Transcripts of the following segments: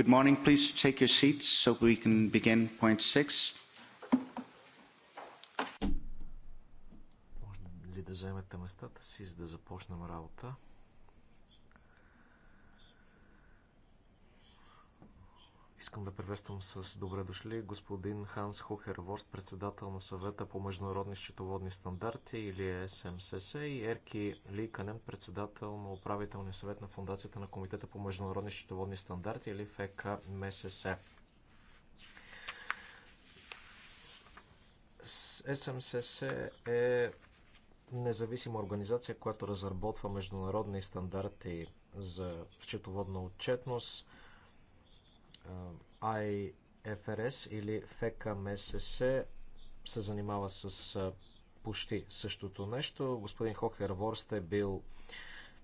Good morning. Please take your seats so we can begin point six. Може ли да заемете местата си, за да започнем работа? Искам да приветствам с добре дошли господин Ханс Хохерворст, председател на съвета по международни счетоводни стандарти или СМСС и Ерки Ликанен, председател на управителния съвет на Фундацията на Комитета по международни счетоводни стандарти или ФК МСС. СМСС е независима организация, която разработва международни стандарти за счетоводна отчетност – IFRS или ФКМСС се занимава с почти същото нещо. Господин Хохер Ворст е бил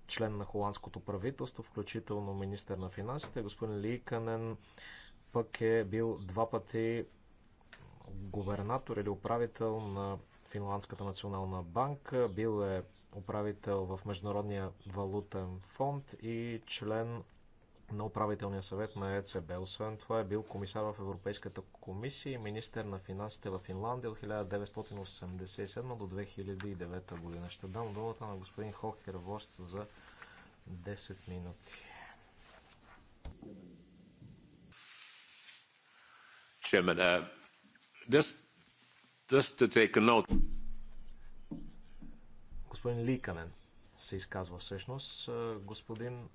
член на холандското правителство, включително министър на финансите. Господин Ликанен пък е бил два пъти губернатор или управител на Финландската национална банка, бил е управител в Международния валутен фонд и член на управителния съвет на ЕЦБ. Освен това е бил комисар в Европейската комисия и министър на финансите в Финландия от 1987 до 2009 година. Ще дам думата на господин Хохер Ворст за 10 минути. Chairman, uh, just, just to take a note. Господин Ликанен се изказва всъщност. Господин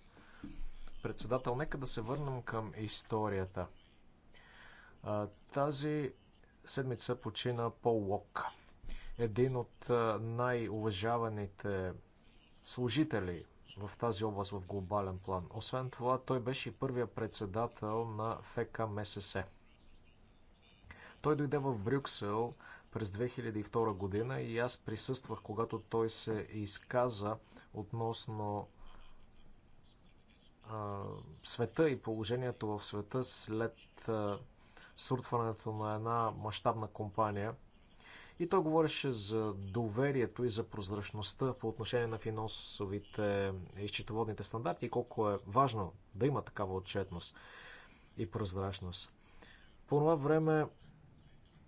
председател, нека да се върнем към историята. Тази седмица почина Пол Лок, един от най-уважаваните служители в тази област в глобален план. Освен това, той беше и първия председател на ФК МСС. Той дойде в Брюксел през 2002 година и аз присъствах, когато той се изказа относно света и положението в света след суртването на една мащабна компания. И той говореше за доверието и за прозрачността по отношение на финансовите и счетоводните стандарти и колко е важно да има такава отчетност и прозрачност. По това време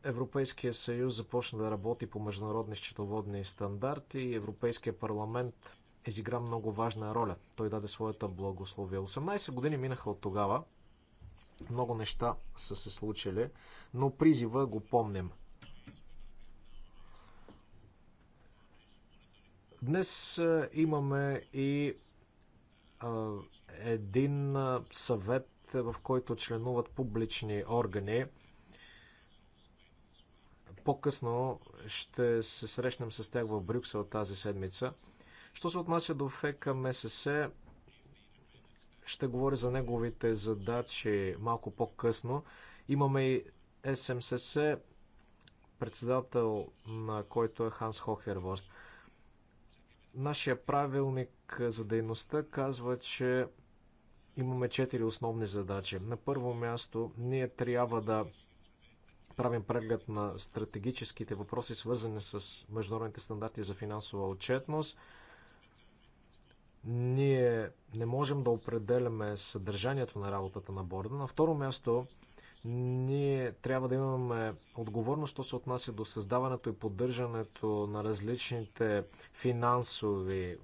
Европейския съюз започна да работи по международни счетоводни стандарти и Европейския парламент е, изигра много важна роля. Той даде своята благословия. 18 години минаха от тогава. Много неща са се случили, но призива го помним. Днес е, имаме и един съвет, в който членуват публични органи. По-късно ще се срещнем с тях в Брюксел тази седмица. Що се отнася до ФК МСС, ще говоря за неговите задачи малко по-късно. Имаме и СМСС, председател на който е Ханс Хохерворст. Нашия правилник за дейността казва, че имаме четири основни задачи. На първо място, ние трябва да правим преглед на стратегическите въпроси, свързани с международните стандарти за финансова отчетност – ние не можем да определяме съдържанието на работата на борда. На второ място, ние трябва да имаме отговорност, що се отнася до създаването и поддържането на различните финансови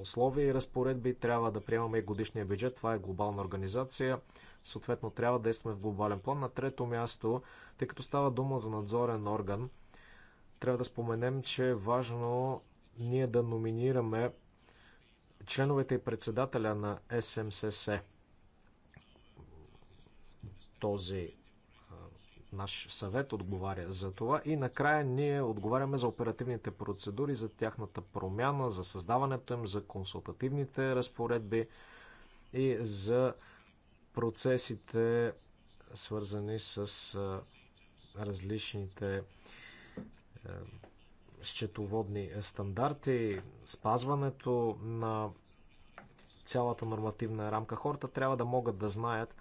условия и разпоредби. Трябва да приемаме и годишния бюджет. Това е глобална организация. Съответно, трябва да действаме в глобален план. На трето място, тъй като става дума за надзорен орган, трябва да споменем, че е важно ние да номинираме членовете и председателя на СМСС, този наш съвет отговаря за това и накрая ние отговаряме за оперативните процедури, за тяхната промяна, за създаването им, за консултативните разпоредби и за процесите свързани с различните счетоводни стандарти, спазването на цялата нормативна рамка. Хората трябва да могат да знаят,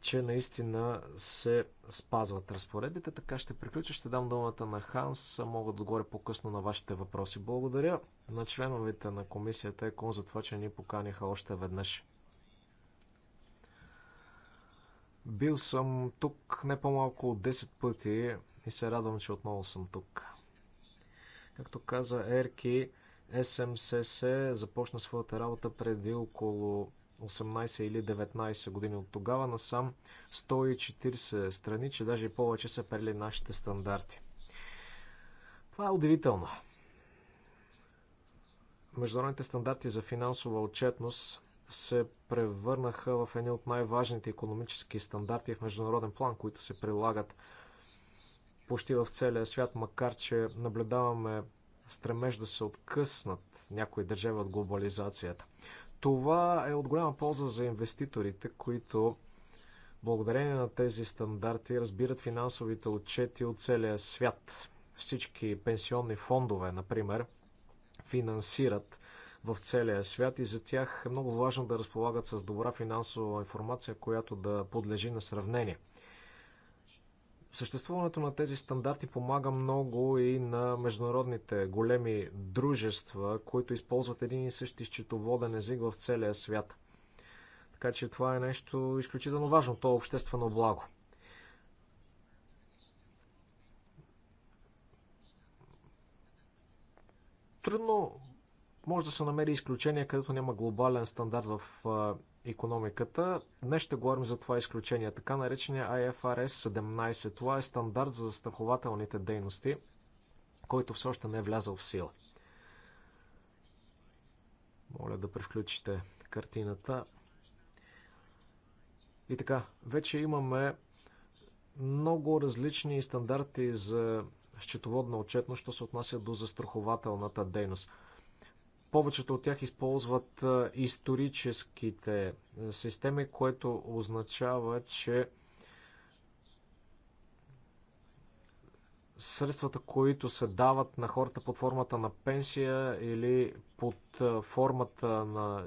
че наистина се спазват разпоредбите. Така ще приключа. Ще дам думата на Ханс. Мога да отговоря по-късно на вашите въпроси. Благодаря на членовете на комисията ЕКОН за това, че ни поканиха още веднъж. Бил съм тук не по-малко от 10 пъти и се радвам, че отново съм тук. Както каза Ерки, СМСС започна своята работа преди около 18 или 19 години. От тогава насам 140 страни, че даже и повече са прели нашите стандарти. Това е удивително. Международните стандарти за финансова отчетност се превърнаха в едни от най-важните економически стандарти в международен план, които се прилагат почти в целия свят, макар че наблюдаваме стремеж да се откъснат някои държави от глобализацията. Това е от голяма полза за инвеститорите, които благодарение на тези стандарти разбират финансовите отчети от целия свят. Всички пенсионни фондове, например, финансират в целия свят и за тях е много важно да разполагат с добра финансова информация, която да подлежи на сравнение – Съществуването на тези стандарти помага много и на международните големи дружества, които използват един и същи счетоводен език в целия свят. Така че това е нещо изключително важно. То е обществено благо. Трудно може да се намери изключение, където няма глобален стандарт в економиката. Днес ще говорим за това изключение, така наречения IFRS 17. Това е стандарт за застрахователните дейности, който все още не е влязъл в сила. Моля да превключите картината. И така, вече имаме много различни стандарти за счетоводна отчетност, що се отнася до застрахователната дейност. Повечето от тях използват историческите е, системи, което означава, че средствата, които се дават на хората под формата на пенсия или под формата на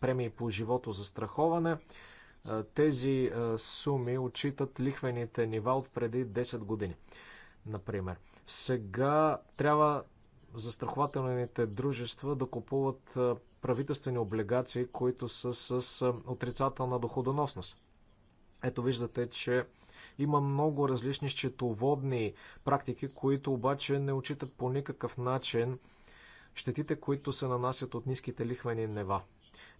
премии по живото за страховане, тези суми отчитат лихвените нива от преди 10 години, например. Сега трябва застрахователните дружества да купуват правителствени облигации, които са с отрицателна доходоносност. Ето виждате, че има много различни счетоводни практики, които обаче не учитат по никакъв начин щетите, които се нанасят от ниските лихвени нева.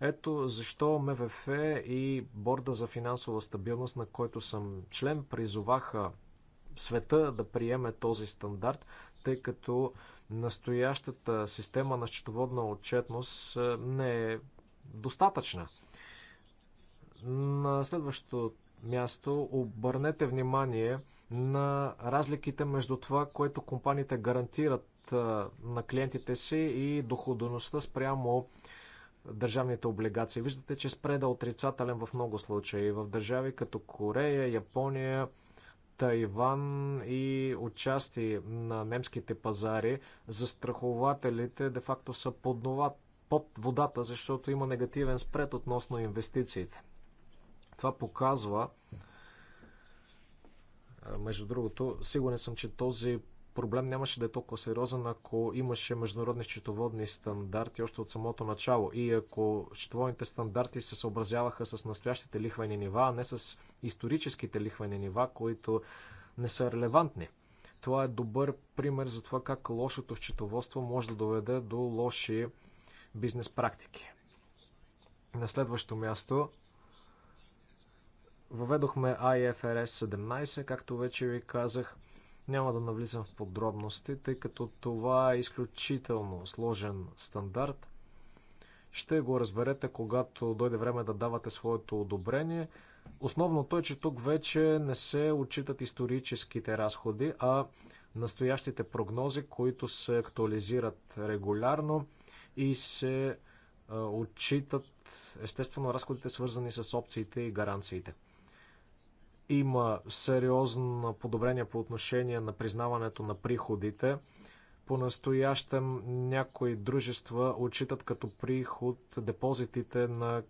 Ето защо МВФ и Борда за финансова стабилност, на който съм член, призоваха света да приеме този стандарт, тъй като настоящата система на счетоводна отчетност е, не е достатъчна. На следващото място обърнете внимание на разликите между това, което компаниите гарантират е, на клиентите си и доходността спрямо държавните облигации. Виждате, че спреда отрицателен в много случаи. В държави като Корея, Япония, Тайван и отчасти на немските пазари, застрахователите де-факто са под, нова, под водата, защото има негативен спред относно инвестициите. Това показва, между другото, сигурен съм, че този проблем нямаше да е толкова сериозен, ако имаше международни счетоводни стандарти още от самото начало и ако счетоводните стандарти се съобразяваха с настоящите лихвени нива, а не с историческите лихвени нива, които не са релевантни. Това е добър пример за това как лошото счетоводство може да доведе до лоши бизнес практики. На следващо място въведохме IFRS 17, както вече ви казах – няма да навлизам в подробности, тъй като това е изключително сложен стандарт. Ще го разберете, когато дойде време да давате своето одобрение. Основното е, че тук вече не се отчитат историческите разходи, а настоящите прогнози, които се актуализират регулярно и се отчитат естествено разходите свързани с опциите и гаранциите. Има сериозно подобрение по отношение на признаването на приходите. По-настоящем някои дружества отчитат като приход депозитите на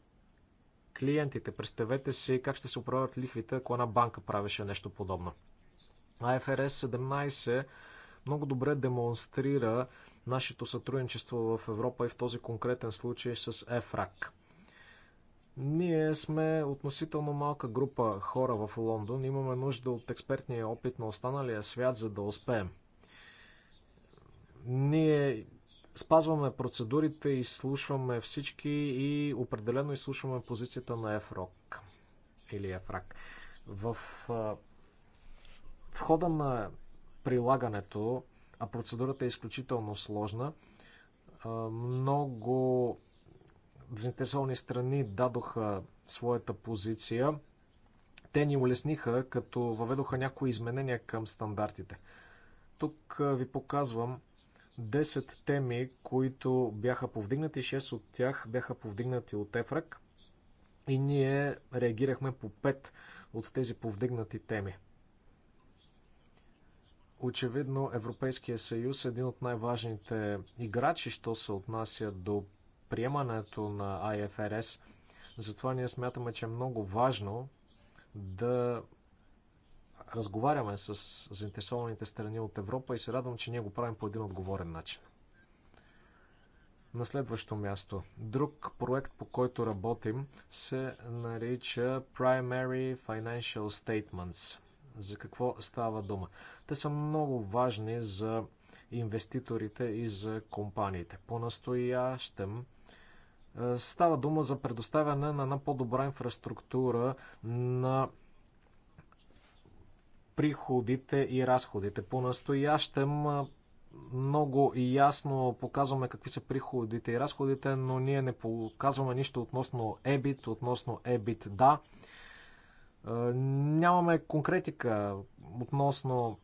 клиентите. Представете си как ще се управят лихвите, ако една банка правеше нещо подобно. АФРС 17 много добре демонстрира нашето сътрудничество в Европа и в този конкретен случай с ЕФРАК. Ние сме относително малка група хора в Лондон. Имаме нужда от експертния опит на останалия свят, за да успеем. Ние спазваме процедурите, изслушваме всички и определено изслушваме позицията на ЕФРОК или ЕФРАК. В, в хода на прилагането, а процедурата е изключително сложна, много заинтересовани страни дадоха своята позиция. Те ни улесниха, като въведоха някои изменения към стандартите. Тук ви показвам 10 теми, които бяха повдигнати. 6 от тях бяха повдигнати от ЕФРАК и ние реагирахме по 5 от тези повдигнати теми. Очевидно Европейския съюз е един от най-важните играчи, що се отнася до приемането на IFRS. Затова ние смятаме, че е много важно да разговаряме с заинтересованите страни от Европа и се радвам, че ние го правим по един отговорен начин. На следващо място. Друг проект, по който работим, се нарича Primary Financial Statements. За какво става дума? Те са много важни за инвеститорите и за компаниите. По-настоящем е, става дума за предоставяне на една по-добра инфраструктура на приходите и разходите. По-настоящем е, много ясно показваме какви са приходите и разходите, но ние не показваме нищо относно EBIT, относно EBITDA. да. Е, нямаме конкретика относно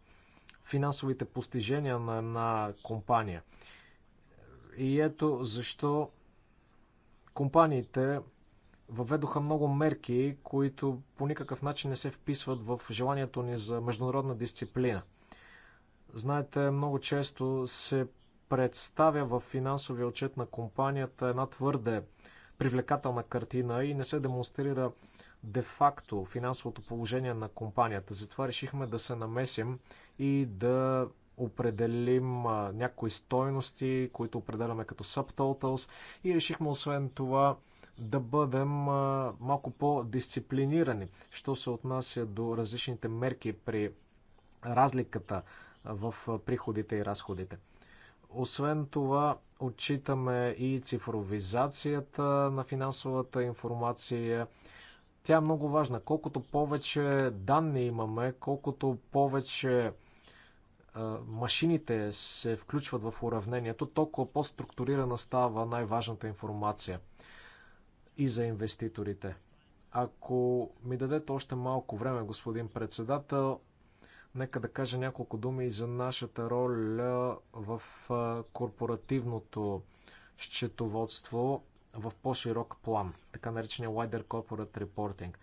финансовите постижения на една компания. И ето защо компаниите въведоха много мерки, които по никакъв начин не се вписват в желанието ни за международна дисциплина. Знаете, много често се представя в финансовия отчет на компанията една твърде привлекателна картина и не се демонстрира де-факто финансовото положение на компанията. Затова решихме да се намесим и да определим някои стойности, които определяме като subtotals и решихме освен това да бъдем малко по-дисциплинирани, що се отнася до различните мерки при разликата в приходите и разходите. Освен това, отчитаме и цифровизацията на финансовата информация. Тя е много важна. Колкото повече данни имаме, колкото повече машините се включват в уравнението, толкова по-структурирана става най-важната информация и за инвеститорите. Ако ми дадете още малко време, господин председател, Нека да кажа няколко думи и за нашата роля в корпоративното счетоводство в по-широк план, така наречения Wider Corporate Reporting.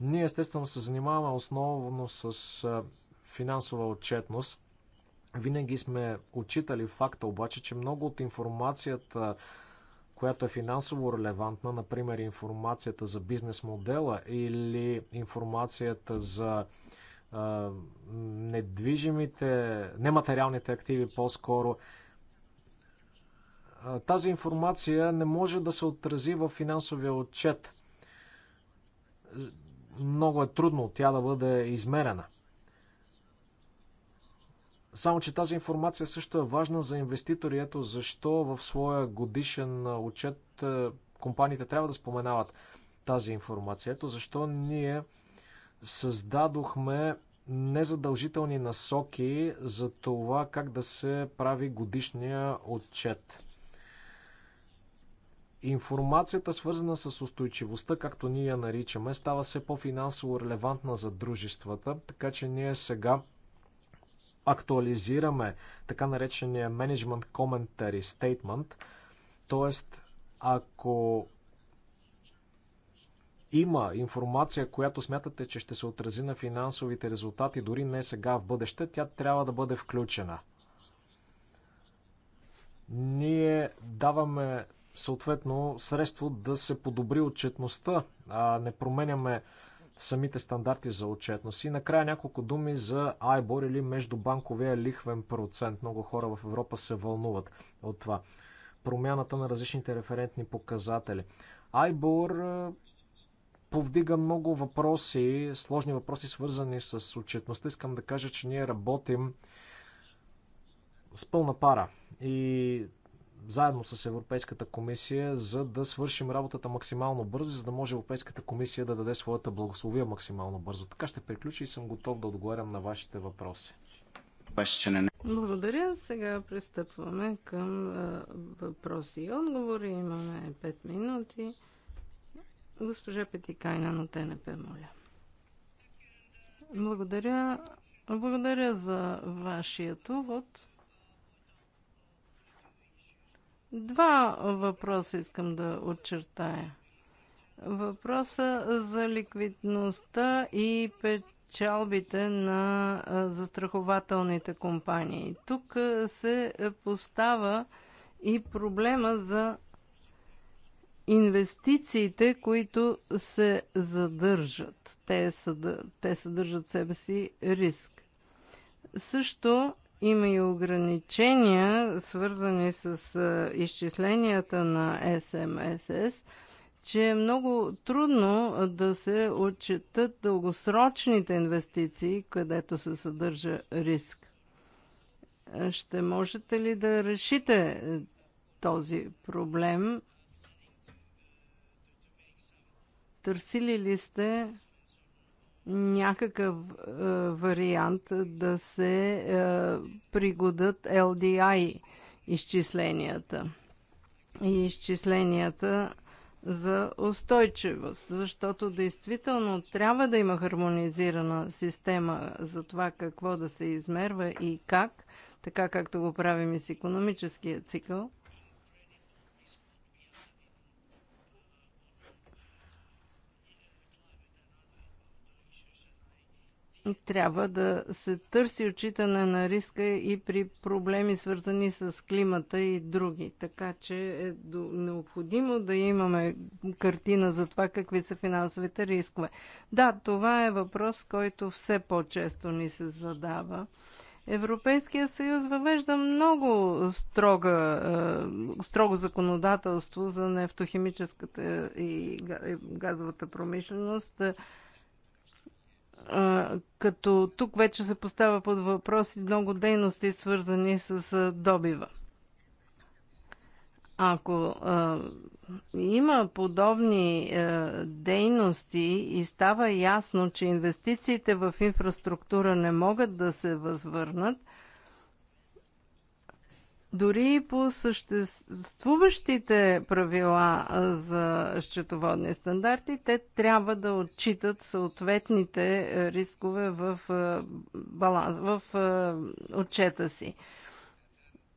Ние естествено се занимаваме основно с финансова отчетност. Винаги сме отчитали факта обаче, че много от информацията, която е финансово релевантна, например информацията за бизнес модела или информацията за недвижимите, нематериалните активи по-скоро. Тази информация не може да се отрази в финансовия отчет. Много е трудно тя да бъде измерена. Само, че тази информация също е важна за инвеститори. Ето защо в своя годишен отчет компаниите трябва да споменават тази информация. Ето защо ние създадохме незадължителни насоки за това как да се прави годишния отчет. Информацията, свързана с устойчивостта, както ние я наричаме, става все по-финансово релевантна за дружествата, така че ние сега актуализираме така наречения Management Commentary Statement, т.е. ако има информация, която смятате, че ще се отрази на финансовите резултати, дори не сега, в бъдеще, тя трябва да бъде включена. Ние даваме съответно средство да се подобри отчетността, а не променяме самите стандарти за отчетност. И накрая няколко думи за Айбор или междубанковия лихвен процент. Много хора в Европа се вълнуват от това. Промяната на различните референтни показатели. Айбор повдига много въпроси, сложни въпроси, свързани с отчетността. Искам да кажа, че ние работим с пълна пара и заедно с Европейската комисия, за да свършим работата максимално бързо, за да може Европейската комисия да даде своята благословия максимално бързо. Така ще приключи и съм готов да отговарям на вашите въпроси. Благодаря. Сега пристъпваме към въпроси и отговори. Имаме 5 минути. Госпожа Петикайна те не моля. Благодаря. Благодаря за вашият увод. Два въпроса искам да отчертая. Въпроса за ликвидността и печалбите на застрахователните компании. Тук се постава и проблема за инвестициите, които се задържат. Те, съда, те съдържат себе си риск. Също има и ограничения, свързани с изчисленията на СМСС, че е много трудно да се отчетат дългосрочните инвестиции, където се съдържа риск. Ще можете ли да решите е, този проблем Търсили ли сте някакъв е, вариант да се е, пригодат LDI изчисленията и изчисленията за устойчивост, защото действително трябва да има хармонизирана система за това какво да се измерва и как, така както го правим и с економическия цикъл, трябва да се търси отчитане на риска и при проблеми свързани с климата и други. Така че е необходимо да имаме картина за това какви са финансовите рискове. Да, това е въпрос, който все по-често ни се задава. Европейския съюз въвежда много строга, е, строго законодателство за нефтохимическата и газовата промишленост като тук вече се поставя под въпрос и много дейности, свързани с добива. Ако а, има подобни а, дейности и става ясно, че инвестициите в инфраструктура не могат да се възвърнат, а, дори и по съществуващите правила за счетоводни стандарти, те трябва да отчитат съответните е, рискове в, е, баланс, в е, отчета си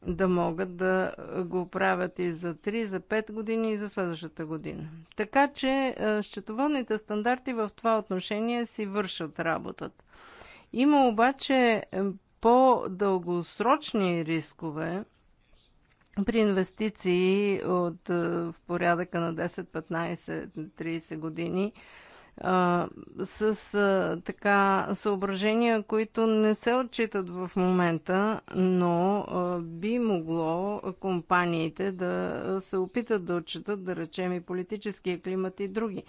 да могат да го правят и за 3, за 5 години и за следващата година. Така че счетоводните стандарти в това отношение си вършат работата. Има обаче по-дългосрочни рискове, при инвестиции от е, в порядъка на 10, 15, 30 години с е, така съображения, които не се отчитат в момента, но е, би могло компаниите да се опитат да отчитат, да речем, и политическия климат и други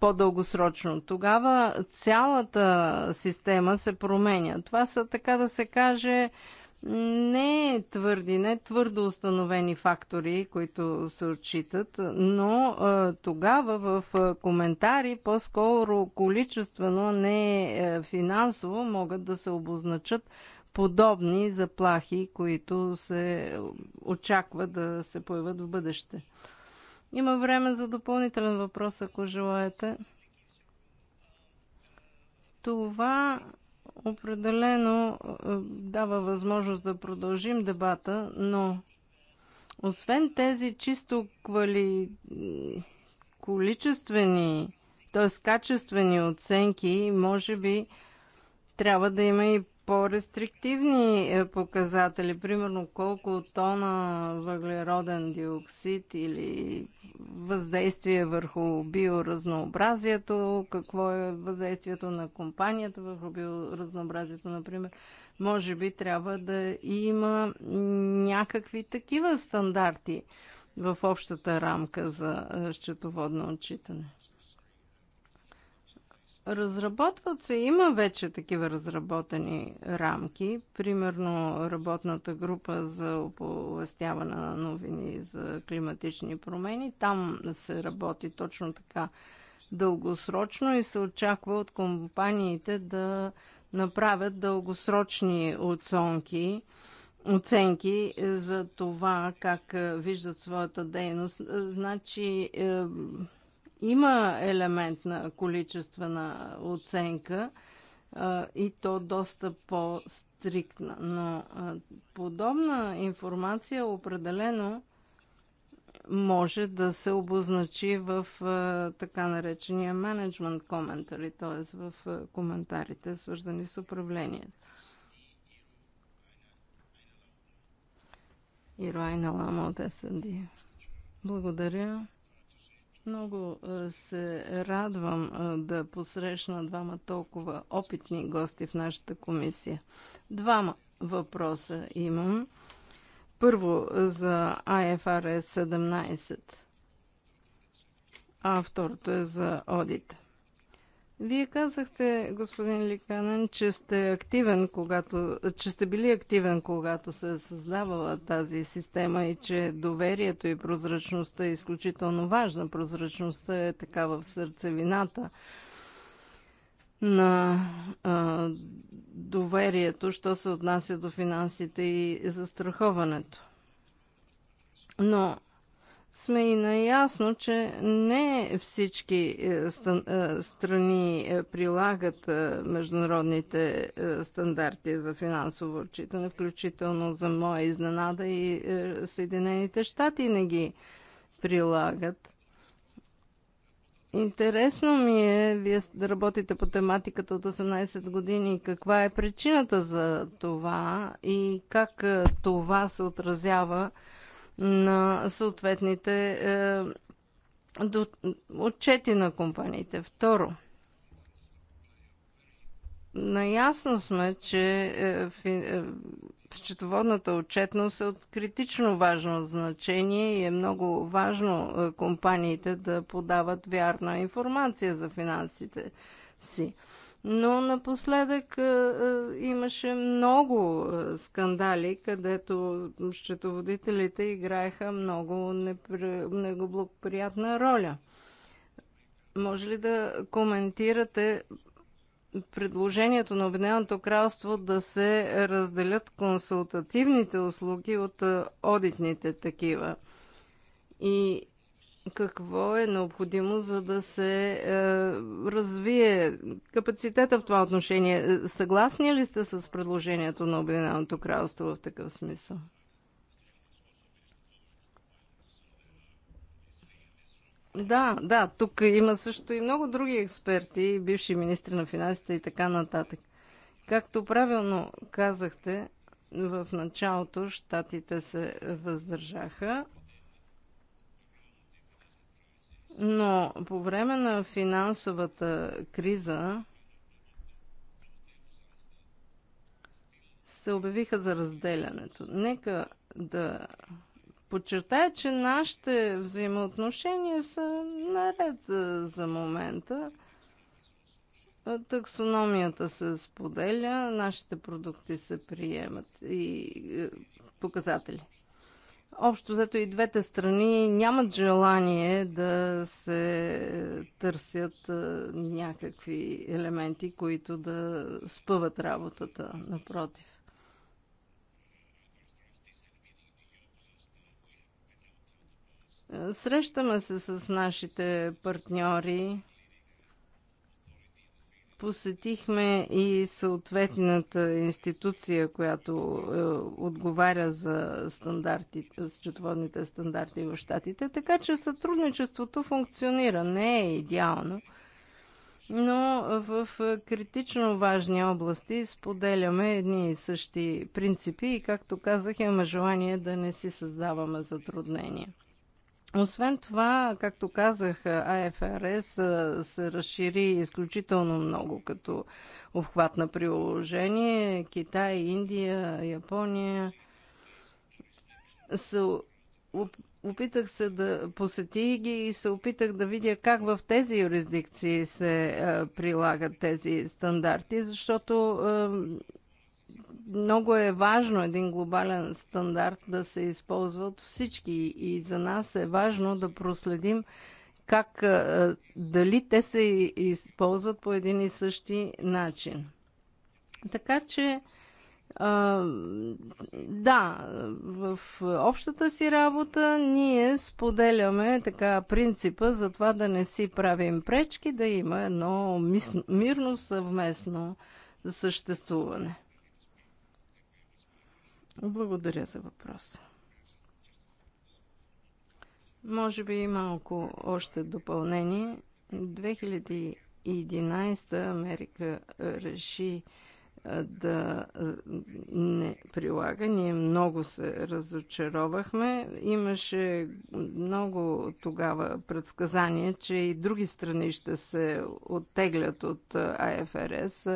по-дългосрочно. Тогава цялата система се променя. Това са, така да се каже, не е твърди, не е твърдо установени фактори, които се отчитат, но тогава в коментари по-скоро количествено, не е, финансово могат да се обозначат подобни заплахи, които се очаква да се появят в бъдеще. Има време за допълнителен въпрос, ако желаете. Това определено е, дава възможност да продължим дебата, но освен тези чисто квали... количествени, т.е. качествени оценки, може би трябва да има и по-рестриктивни е, показатели, примерно колко тона въглероден диоксид или въздействие върху биоразнообразието, какво е въздействието на компанията върху биоразнообразието, например. Може би трябва да има някакви такива стандарти в общата рамка за е, счетоводно отчитане. Разработват се, има вече такива разработени рамки, примерно работната група за оповестяване на новини за климатични промени. Там се работи точно така дългосрочно и се очаква от компаниите да направят дългосрочни оценки, оценки за това как виждат своята дейност. Значи е, има елемент на количествена оценка и то доста по-стриктна. Но подобна информация определено може да се обозначи в така наречения менеджмент коментари, т.е. в коментарите, свързани с управлението. Ирой Налама от СНД. Благодаря. Много е, се радвам е, да посрещна двама толкова опитни гости в нашата комисия. Двама въпроса имам. Първо е, за IFRS 17, а второто е за одита. Вие казахте, господин Ликанен, че сте активен, когато, че сте били активен, когато се е създавала тази система и че доверието и прозрачността е изключително важна. Прозрачността е така в сърцевината на а, доверието, що се отнася до финансите и застраховането. Но сме и наясно, че не всички е, е, страни е, прилагат международните стандарти за финансово отчитане, включително за моя изненада и Съединените щати не ги прилагат. Интересно ми е, вие да работите по тематиката от 18 години, каква е причината за това и как това се отразява на съответните е, до, отчети на компаниите. Второ, наясно сме, че е, е, счетоводната отчетност е от критично важно значение и е много важно е, компаниите да подават вярна информация за финансите си но напоследък е, е, имаше много е, скандали, където счетоводителите играеха много неблагоприятна роля. Може ли да коментирате предложението на Обединеното кралство да се разделят консултативните услуги от одитните такива? И какво е необходимо, за да се е, развие капацитета в това отношение. Е, съгласни ли сте с предложението на Обединеното кралство в такъв смисъл? Да, да, тук има също и много други експерти, бивши министри на финансите и така нататък. Както правилно казахте, в началото щатите се въздържаха, но по време на финансовата криза се обявиха за разделянето. Нека да подчертая, че нашите взаимоотношения са наред за момента. Таксономията се споделя, нашите продукти се приемат и показатели. Общо зато и двете страни нямат желание да се търсят някакви елементи, които да спъват работата, напротив. Срещаме се с нашите партньори Посетихме и съответната институция, която е, отговаря за стандартите, счетоводните стандарти в щатите, така че сътрудничеството функционира. Не е идеално, но в е, критично важни области споделяме едни и същи принципи и, както казах, имаме желание да не си създаваме затруднения. Освен това, както казах, АФРС се разшири изключително много като обхват на приложение. Китай, Индия, Япония. Се, опитах се да посети ги и се опитах да видя как в тези юрисдикции се прилагат тези стандарти, защото много е важно един глобален стандарт да се използва от всички и за нас е важно да проследим как, дали те се използват по един и същи начин. Така че, да, в общата си работа ние споделяме така принципа за това да не си правим пречки, да има едно мирно съвместно съществуване. Благодаря за въпроса. Може би има малко още допълнение. 2011 Америка реши да не прилага. Ние много се разочаровахме. Имаше много тогава предсказания, че и други страни ще се оттеглят от АФРС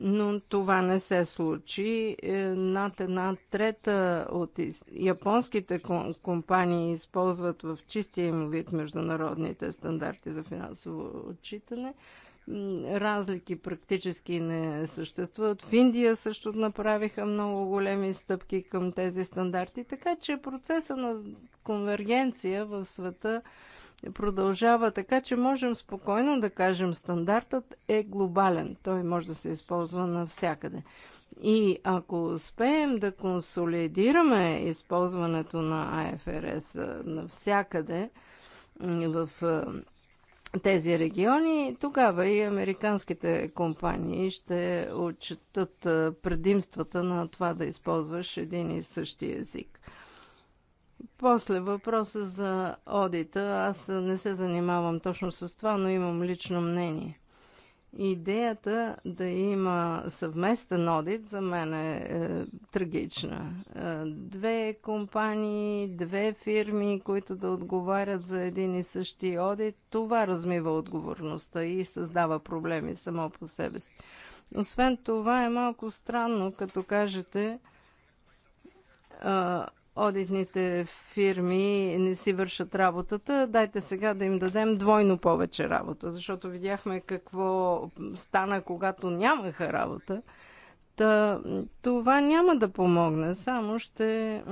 но това не се случи. Е, над една трета от японските компании използват в чистия им вид международните стандарти за финансово отчитане. Разлики практически не съществуват. В Индия също направиха много големи стъпки към тези стандарти, така че процеса на конвергенция в света продължава така, че можем спокойно да кажем стандартът е глобален. Той може да се използва навсякъде. И ако успеем да консолидираме използването на АФРС навсякъде в тези региони, тогава и американските компании ще отчитат предимствата на това да използваш един и същи език. После въпроса за одита. Аз не се занимавам точно с това, но имам лично мнение. Идеята да има съвместен одит за мен е, е трагична. Е, две компании, две фирми, които да отговарят за един и същи одит, това размива отговорността и създава проблеми само по себе си. Освен това е малко странно, като кажете, одитните фирми не си вършат работата, дайте сега да им дадем двойно повече работа, защото видяхме какво стана, когато нямаха работа. Та, това няма да помогне, само ще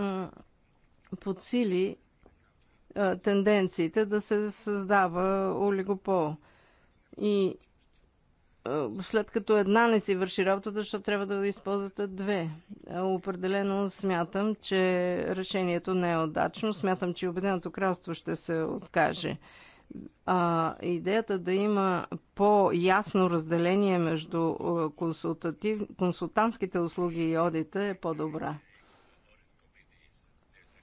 подсили тенденциите да се създава олигопол. И след като една не си върши работата, защото трябва да използвате две. Определено смятам, че решението не е удачно. Смятам, че Обединеното кралство ще се откаже. А, идеята да има по-ясно разделение между консултатив... консултантските услуги и одита е по-добра.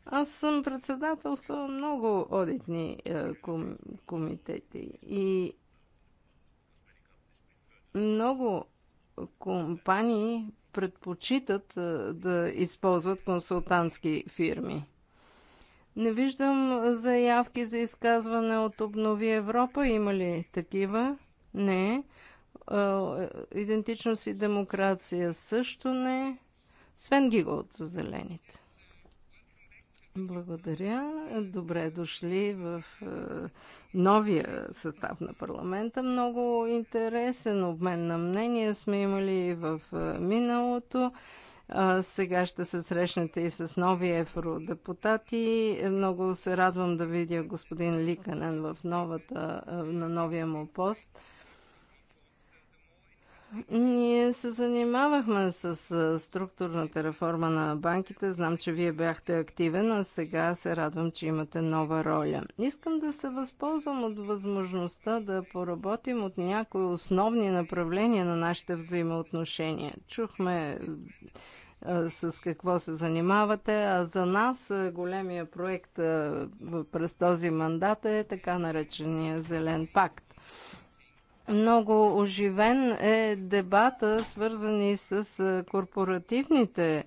Аз съм председателствал много одитни комитети и много компании предпочитат да използват консултантски фирми. Не виждам заявки за изказване от Обнови Европа. Има ли такива? Не. Идентичност и демокрация също не. Свен Гигол от зелените. Благодаря. Добре дошли в е, новия състав на парламента. Много интересен обмен на мнения сме имали и в е, миналото. Сега ще се срещнете и с нови евродепутати. Много се радвам да видя господин Ликанен в новата, е, на новия му пост. Ние се занимавахме с структурната реформа на банките. Знам, че вие бяхте активен, а сега се радвам, че имате нова роля. Искам да се възползвам от възможността да поработим от някои основни направления на нашите взаимоотношения. Чухме с какво се занимавате, а за нас големия проект през този мандат е така наречения Зелен пакт. Много оживен е дебата, свързани с корпоративните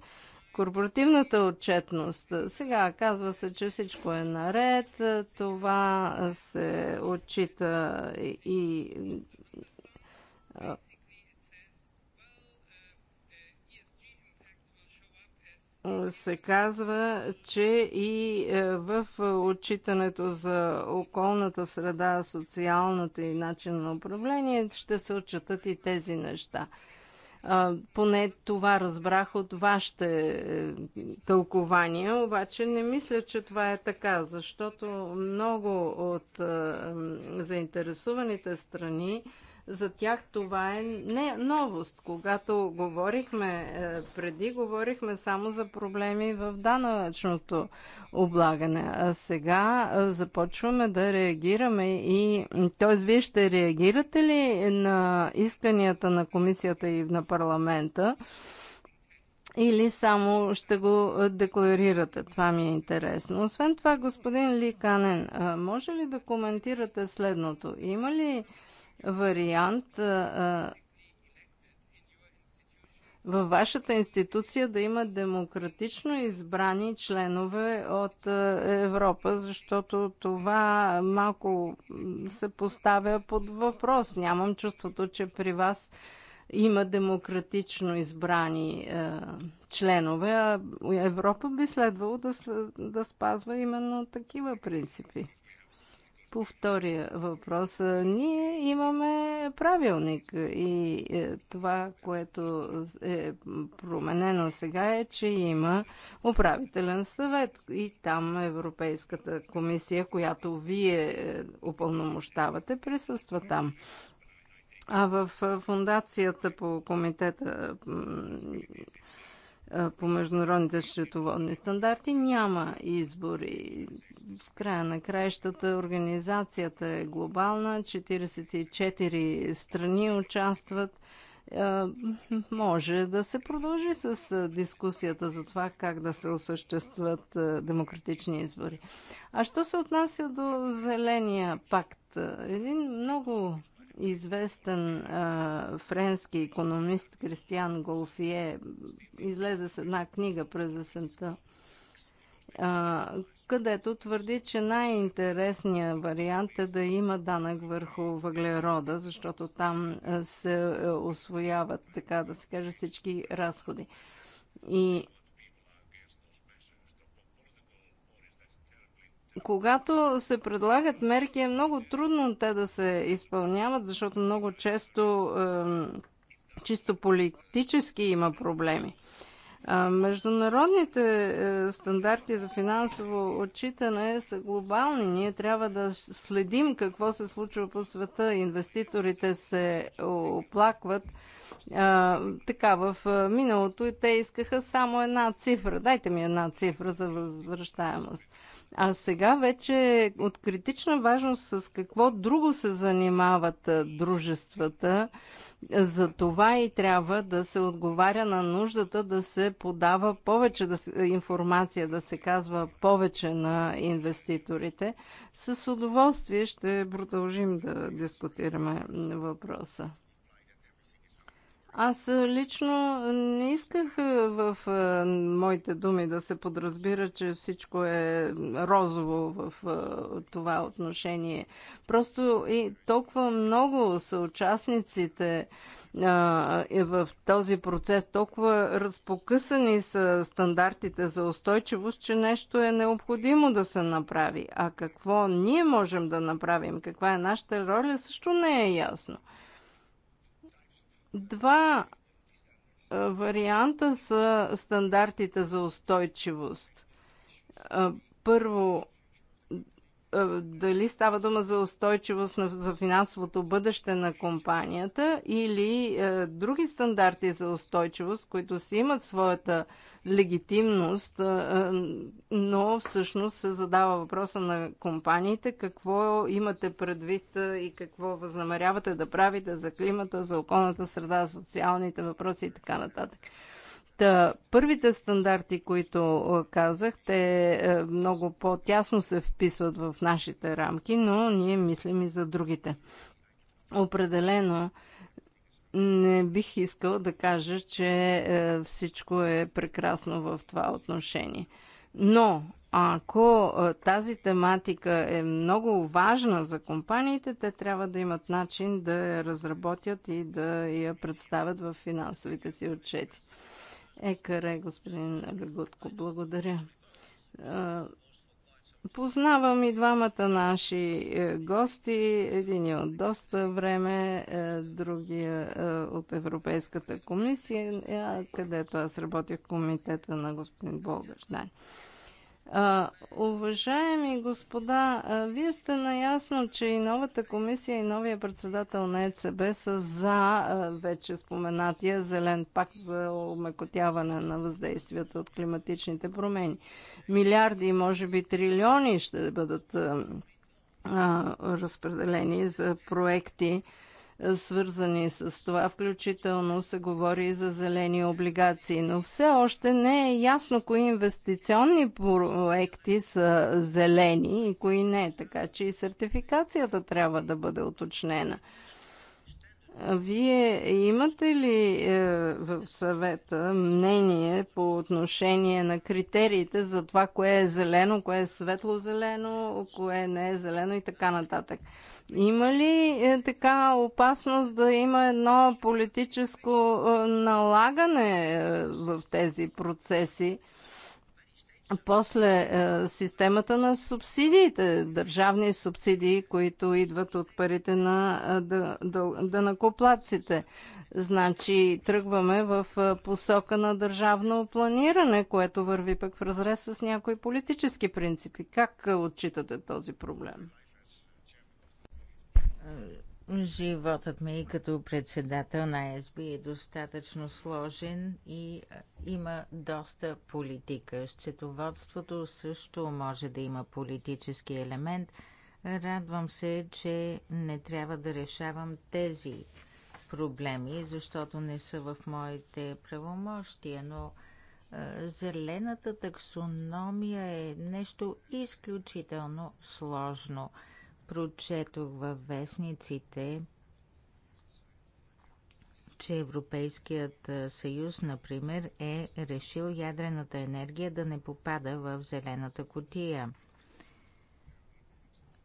корпоративната отчетност. Сега казва се, че всичко е наред, това се отчита и се казва, че и е, в отчитането за околната среда, социалното и начин на управление ще се отчитат и тези неща. Поне това разбрах от вашите е, тълкования, обаче не мисля, че това е така, защото много от е, заинтересуваните страни за тях това е не новост. Когато говорихме е, преди, говорихме само за проблеми в данъчното облагане. А сега е, започваме да реагираме и... т.е. вие ще реагирате ли на исканията на комисията и на парламента? Или само ще го е, декларирате? Това ми е интересно. Освен това, господин Ли Канен, може ли да коментирате следното? Има ли вариант във вашата институция да има демократично избрани членове от Европа, защото това малко се поставя под въпрос. Нямам чувството, че при вас има демократично избрани е, членове, а Европа би следвало да, да спазва именно такива принципи. По втория въпрос, ние имаме правилник и е, това, което е променено сега е, че има управителен съвет и там Европейската комисия, която вие е, упълномощавате, присъства там. А в е, фундацията по комитета по международните счетоводни стандарти няма избори в края на краищата организацията е глобална, 44 страни участват. Е, може да се продължи с е, дискусията за това как да се осъществят е, демократични избори. А що се отнася до Зеления пакт? Един много известен а, френски економист Кристиан Голфие излезе с една книга през есента, където твърди, че най-интересният вариант е да има данък върху въглерода, защото там е, се е, освояват, така да се каже, всички разходи. И когато се предлагат мерки, е много трудно те да се изпълняват, защото много често е, чисто политически има проблеми. Международните е, стандарти за финансово отчитане са глобални. Ние трябва да следим какво се случва по света. Инвеститорите се оплакват. А, така, в миналото те искаха само една цифра. Дайте ми една цифра за възвръщаемост. А сега вече от критична важност с какво друго се занимават дружествата. За това и трябва да се отговаря на нуждата да се подава повече да се, информация, да се казва повече на инвеститорите. С удоволствие ще продължим да дискутираме въпроса. Аз лично не исках в моите думи да се подразбира, че всичко е розово в това отношение. Просто и толкова много са участниците в този процес, толкова разпокъсани са стандартите за устойчивост, че нещо е необходимо да се направи. А какво ние можем да направим, каква е нашата роля, също не е ясно. Два варианта са стандартите за устойчивост. Първо, дали става дума за устойчивост за финансовото бъдеще на компанията или други стандарти за устойчивост, които си имат своята легитимност, но всъщност се задава въпроса на компаниите какво имате предвид и какво възнамерявате да правите за климата, за околната среда, социалните въпроси и така нататък. Та, първите стандарти, които казах, те много по-тясно се вписват в нашите рамки, но ние мислим и за другите. Определено не бих искал да кажа, че е, всичко е прекрасно в това отношение. Но ако е, тази тематика е много важна за компаниите, те трябва да имат начин да я разработят и да я представят в финансовите си отчети. Екаре, господин Легутко, благодаря. Е, Познавам и двамата наши е, гости, един е от доста време, е, другия е, от Европейската комисия, където аз работих в комитета на господин Болгаш. А, уважаеми господа, а, вие сте наясно, че и новата комисия, и новия председател на ЕЦБ са за а, вече споменатия зелен пакт за омекотяване на въздействията от климатичните промени. Милиарди, може би трилиони ще бъдат разпределени за проекти свързани с това. Включително се говори и за зелени облигации, но все още не е ясно кои инвестиционни проекти са зелени и кои не. Така че и сертификацията трябва да бъде уточнена. Вие имате ли е, в съвета мнение по отношение на критериите за това, кое е зелено, кое е светло-зелено, кое не е зелено и така нататък? Има ли е, така опасност да има едно политическо е, налагане е, в тези процеси? После е, системата на субсидиите, държавни субсидии, които идват от парите на е, да Значи тръгваме в е, посока на държавно планиране, което върви пък в разрез с някои политически принципи. Как отчитате този проблем? Животът ми като председател на СБ е достатъчно сложен и има доста политика. Счетоводството също може да има политически елемент. Радвам се, че не трябва да решавам тези проблеми, защото не са в моите правомощия, но зелената таксономия е нещо изключително сложно – Прочетох във вестниците, че Европейският съюз, например, е решил ядрената енергия да не попада в зелената котия.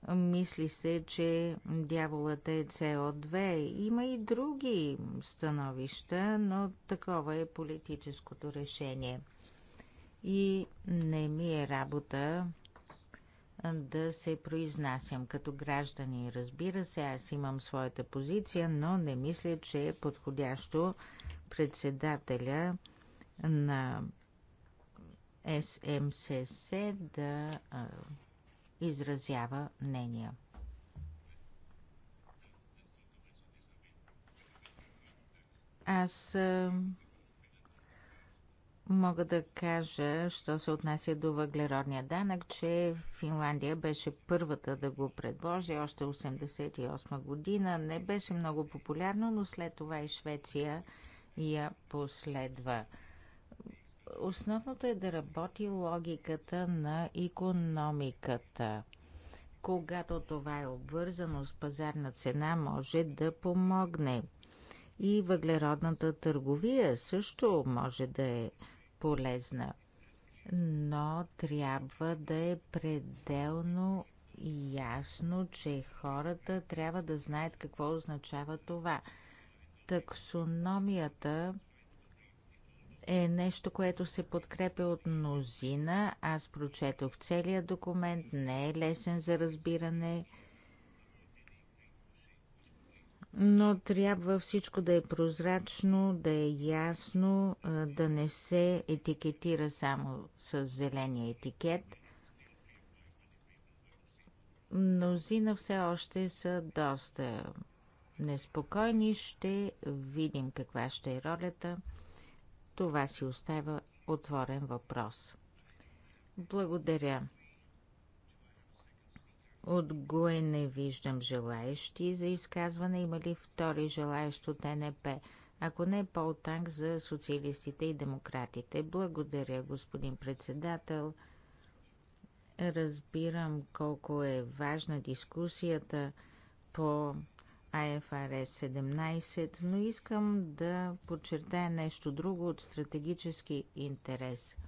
Мисли се, че дяволът е со 2 Има и други становища, но такова е политическото решение. И не ми е работа да се произнасям като граждани. Разбира се, аз имам своята позиция, но не мисля, че е подходящо председателя на СМСС да а, изразява мнения. Аз а, Мога да кажа, що се отнася до въглеродния данък, че Финландия беше първата да го предложи още 1988 година. Не беше много популярно, но след това и Швеция я последва. Основното е да работи логиката на економиката. Когато това е обвързано с пазарна цена, може да помогне. И въглеродната търговия също може да е полезна, но трябва да е пределно ясно, че хората трябва да знаят какво означава това. Таксономията е нещо, което се подкрепя от мнозина. Аз прочетох целият документ, не е лесен за разбиране – но трябва всичко да е прозрачно, да е ясно, да не се етикетира само с зеления етикет. Мнозина все още са доста неспокойни. Ще видим каква ще е ролята. Това си остава отворен въпрос. Благодаря. От ГУЕ не виждам желаещи за изказване. Има ли втори желаещ от НП? Ако не, Пол Танк за социалистите и демократите. Благодаря, господин председател. Разбирам колко е важна дискусията по АФРС 17, но искам да подчертая нещо друго от стратегически интерес –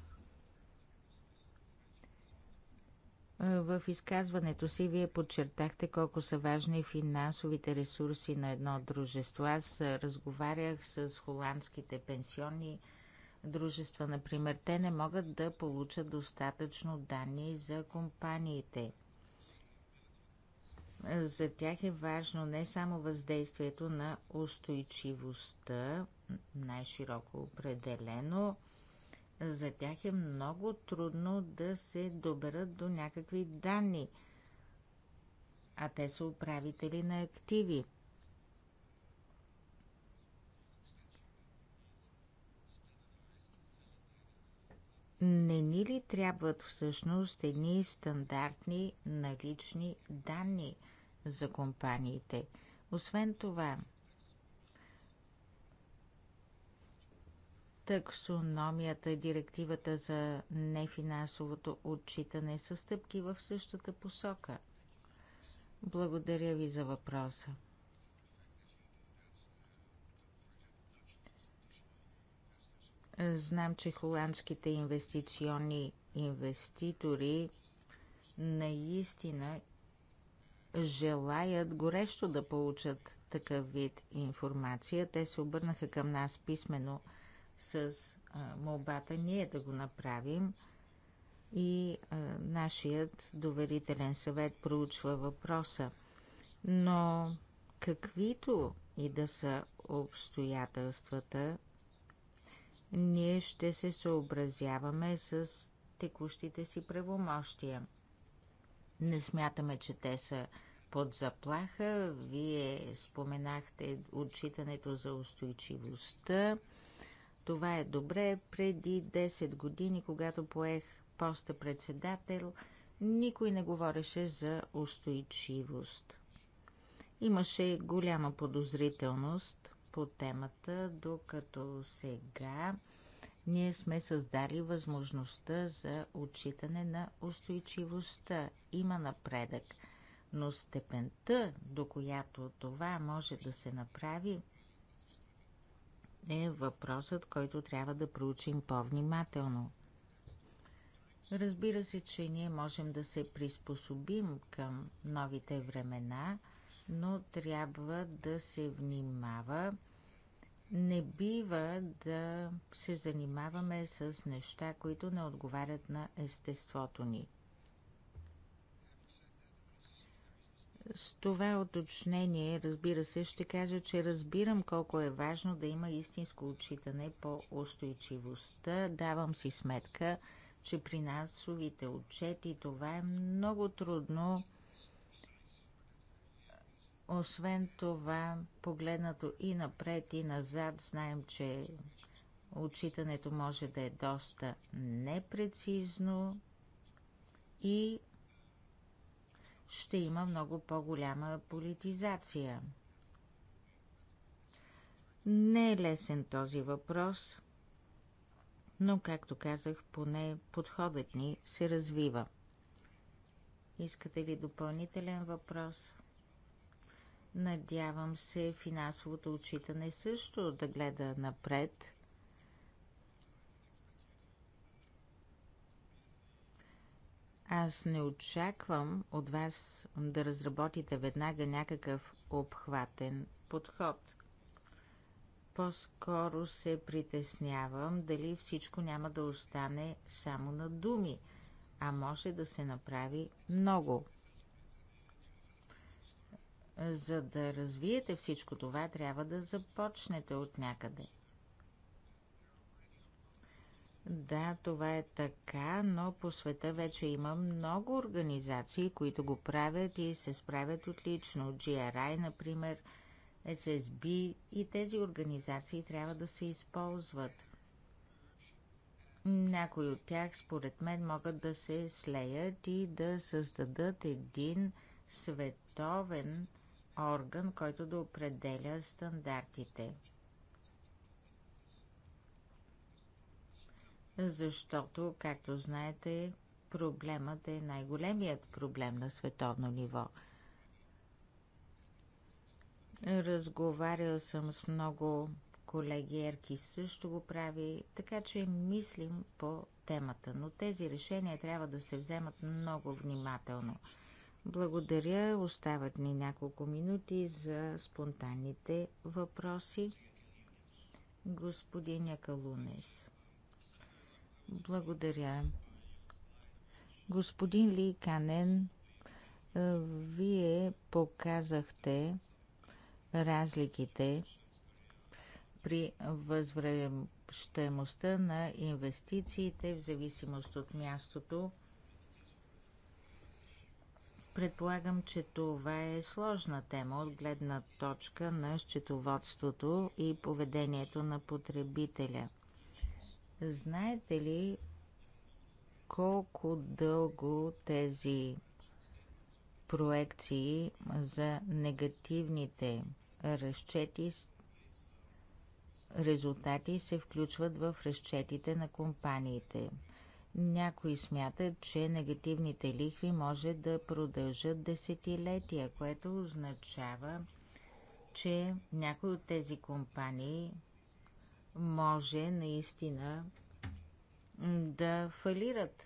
В изказването си вие подчертахте колко са важни финансовите ресурси на едно дружество. Аз разговарях с холандските пенсионни дружества, например. Те не могат да получат достатъчно данни за компаниите. За тях е важно не само въздействието на устойчивостта, най-широко определено, за тях е много трудно да се доберат до някакви данни, а те са управители на активи. Не ни ли трябват всъщност едни стандартни налични данни за компаниите? Освен това, таксономията, директивата за нефинансовото отчитане са стъпки в същата посока. Благодаря ви за въпроса. Знам, че холандските инвестиционни инвеститори наистина желаят горещо да получат такъв вид информация. Те се обърнаха към нас писменно – с молбата ние да го направим и а, нашият доверителен съвет проучва въпроса. Но каквито и да са обстоятелствата, ние ще се съобразяваме с текущите си правомощия. Не смятаме, че те са под заплаха. Вие споменахте отчитането за устойчивостта това е добре. Преди 10 години, когато поех поста председател, никой не говореше за устойчивост. Имаше голяма подозрителност по темата, докато сега ние сме създали възможността за отчитане на устойчивостта. Има напредък, но степента, до която това може да се направи, е въпросът, който трябва да проучим по-внимателно. Разбира се, че ние можем да се приспособим към новите времена, но трябва да се внимава. Не бива да се занимаваме с неща, които не отговарят на естеството ни – С това уточнение, разбира се, ще кажа, че разбирам колко е важно да има истинско отчитане по устойчивостта. Давам си сметка, че при насовите отчети това е много трудно. Освен това, погледнато и напред, и назад, знаем, че отчитането може да е доста непрецизно и ще има много по-голяма политизация. Не е лесен този въпрос, но, както казах, поне подходът ни се развива. Искате ли допълнителен въпрос? Надявам се финансовото отчитане също да гледа напред – Аз не очаквам от вас да разработите веднага някакъв обхватен подход. По-скоро се притеснявам дали всичко няма да остане само на думи, а може да се направи много. За да развиете всичко това, трябва да започнете от някъде – да, това е така, но по света вече има много организации, които го правят и се справят отлично. GRI, например, SSB и тези организации трябва да се използват. Някои от тях, според мен, могат да се слеят и да създадат един световен орган, който да определя стандартите. защото, както знаете, проблемът е най-големият проблем на световно ниво. Разговарял съм с много колеги, Ерки също го прави, така че мислим по темата, но тези решения трябва да се вземат много внимателно. Благодаря, остават ни няколко минути за спонтанните въпроси. Господин Якалунес. Благодаря. Господин Ли Канен, вие показахте разликите при възвръщаемостта на инвестициите в зависимост от мястото. Предполагам, че това е сложна тема от гледна точка на счетоводството и поведението на потребителя – Знаете ли колко дълго тези проекции за негативните разчети резултати се включват в разчетите на компаниите. Някои смятат, че негативните лихви може да продължат десетилетия, което означава, че някои от тези компании може наистина да фалират.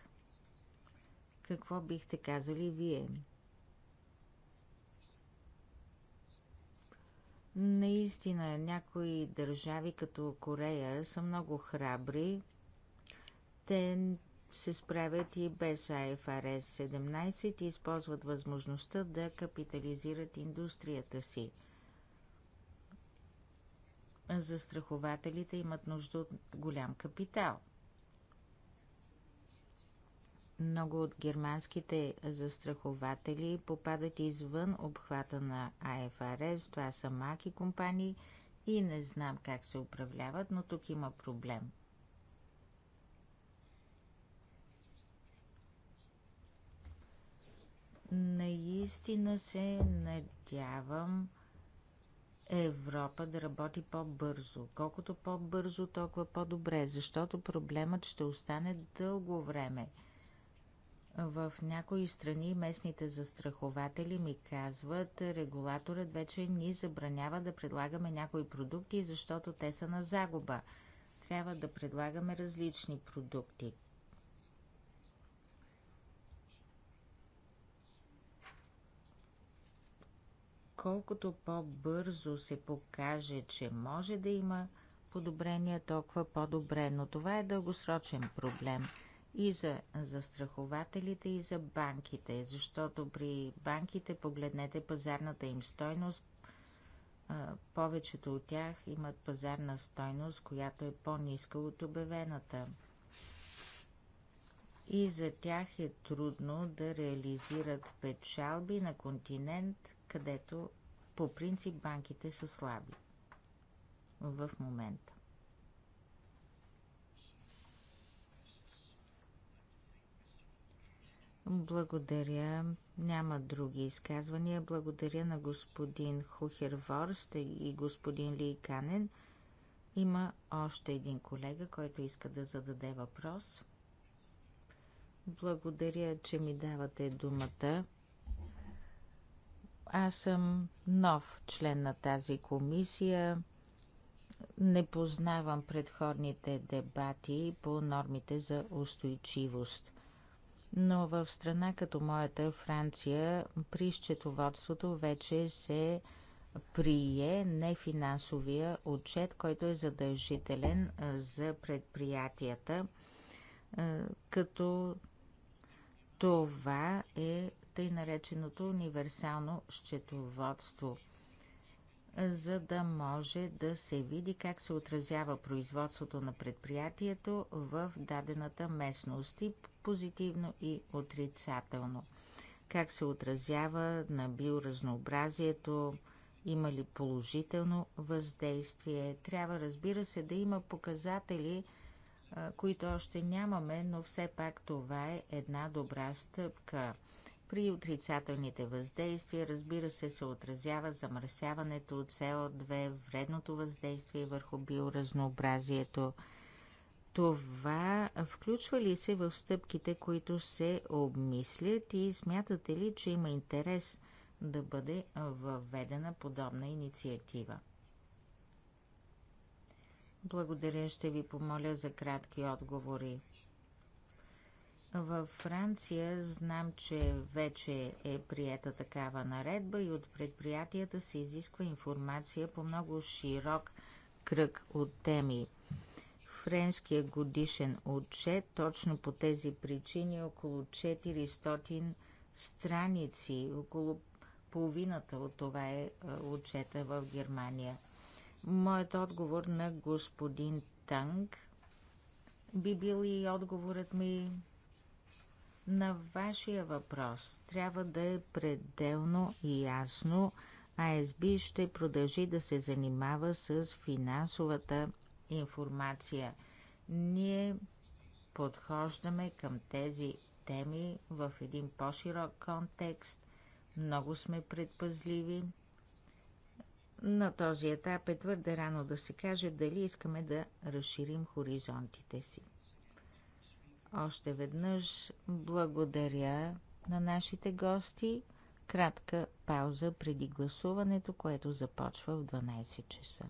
Какво бихте казали вие? Наистина, някои държави като Корея са много храбри. Те се справят и без АФРС 17 и използват възможността да капитализират индустрията си – застрахователите имат нужда от голям капитал. Много от германските застрахователи попадат извън обхвата на АФРС, това са малки компании и не знам как се управляват, но тук има проблем. Наистина се надявам Европа да работи по-бързо. Колкото по-бързо, толкова по-добре, защото проблемът ще остане дълго време. В някои страни местните застрахователи ми казват, регулаторът вече ни забранява да предлагаме някои продукти, защото те са на загуба. Трябва да предлагаме различни продукти. колкото по-бързо се покаже, че може да има подобрение, толкова по-добре. Но това е дългосрочен проблем и за застрахователите, и за банките, защото при банките погледнете пазарната им стойност. Повечето от тях имат пазарна стойност, която е по-ниска от обявената. И за тях е трудно да реализират печалби на континент, където по принцип банките са слаби в момента. Благодаря. Няма други изказвания. Благодаря на господин Хухерворст и господин Ли Канен. Има още един колега, който иска да зададе въпрос. Благодаря, че ми давате думата. Аз съм нов член на тази комисия. Не познавам предходните дебати по нормите за устойчивост. Но в страна като моята Франция при счетоводството вече се прие нефинансовия отчет, който е задължителен за предприятията, като това е тъй нареченото универсално счетоводство, за да може да се види как се отразява производството на предприятието в дадената местност и позитивно и отрицателно. Как се отразява на биоразнообразието, има ли положително въздействие. Трябва, разбира се, да има показатели, които още нямаме, но все пак това е една добра стъпка. При отрицателните въздействия, разбира се, се отразява замърсяването от СО2, вредното въздействие върху биоразнообразието. Това включва ли се в стъпките, които се обмислят и смятате ли, че има интерес да бъде въведена подобна инициатива? Благодаря, ще ви помоля за кратки отговори. Във Франция знам, че вече е приета такава наредба и от предприятията се изисква информация по много широк кръг от теми. Френския годишен отчет точно по тези причини е около 400 страници, около половината от това е отчета в Германия. Моят отговор на господин Танг би бил и отговорът ми на вашия въпрос трябва да е пределно ясно. АСБ ще продължи да се занимава с финансовата информация. Ние подхождаме към тези теми в един по-широк контекст. Много сме предпазливи. На този етап е твърде рано да се каже дали искаме да разширим хоризонтите си. Още веднъж благодаря на нашите гости. Кратка пауза преди гласуването, което започва в 12 часа.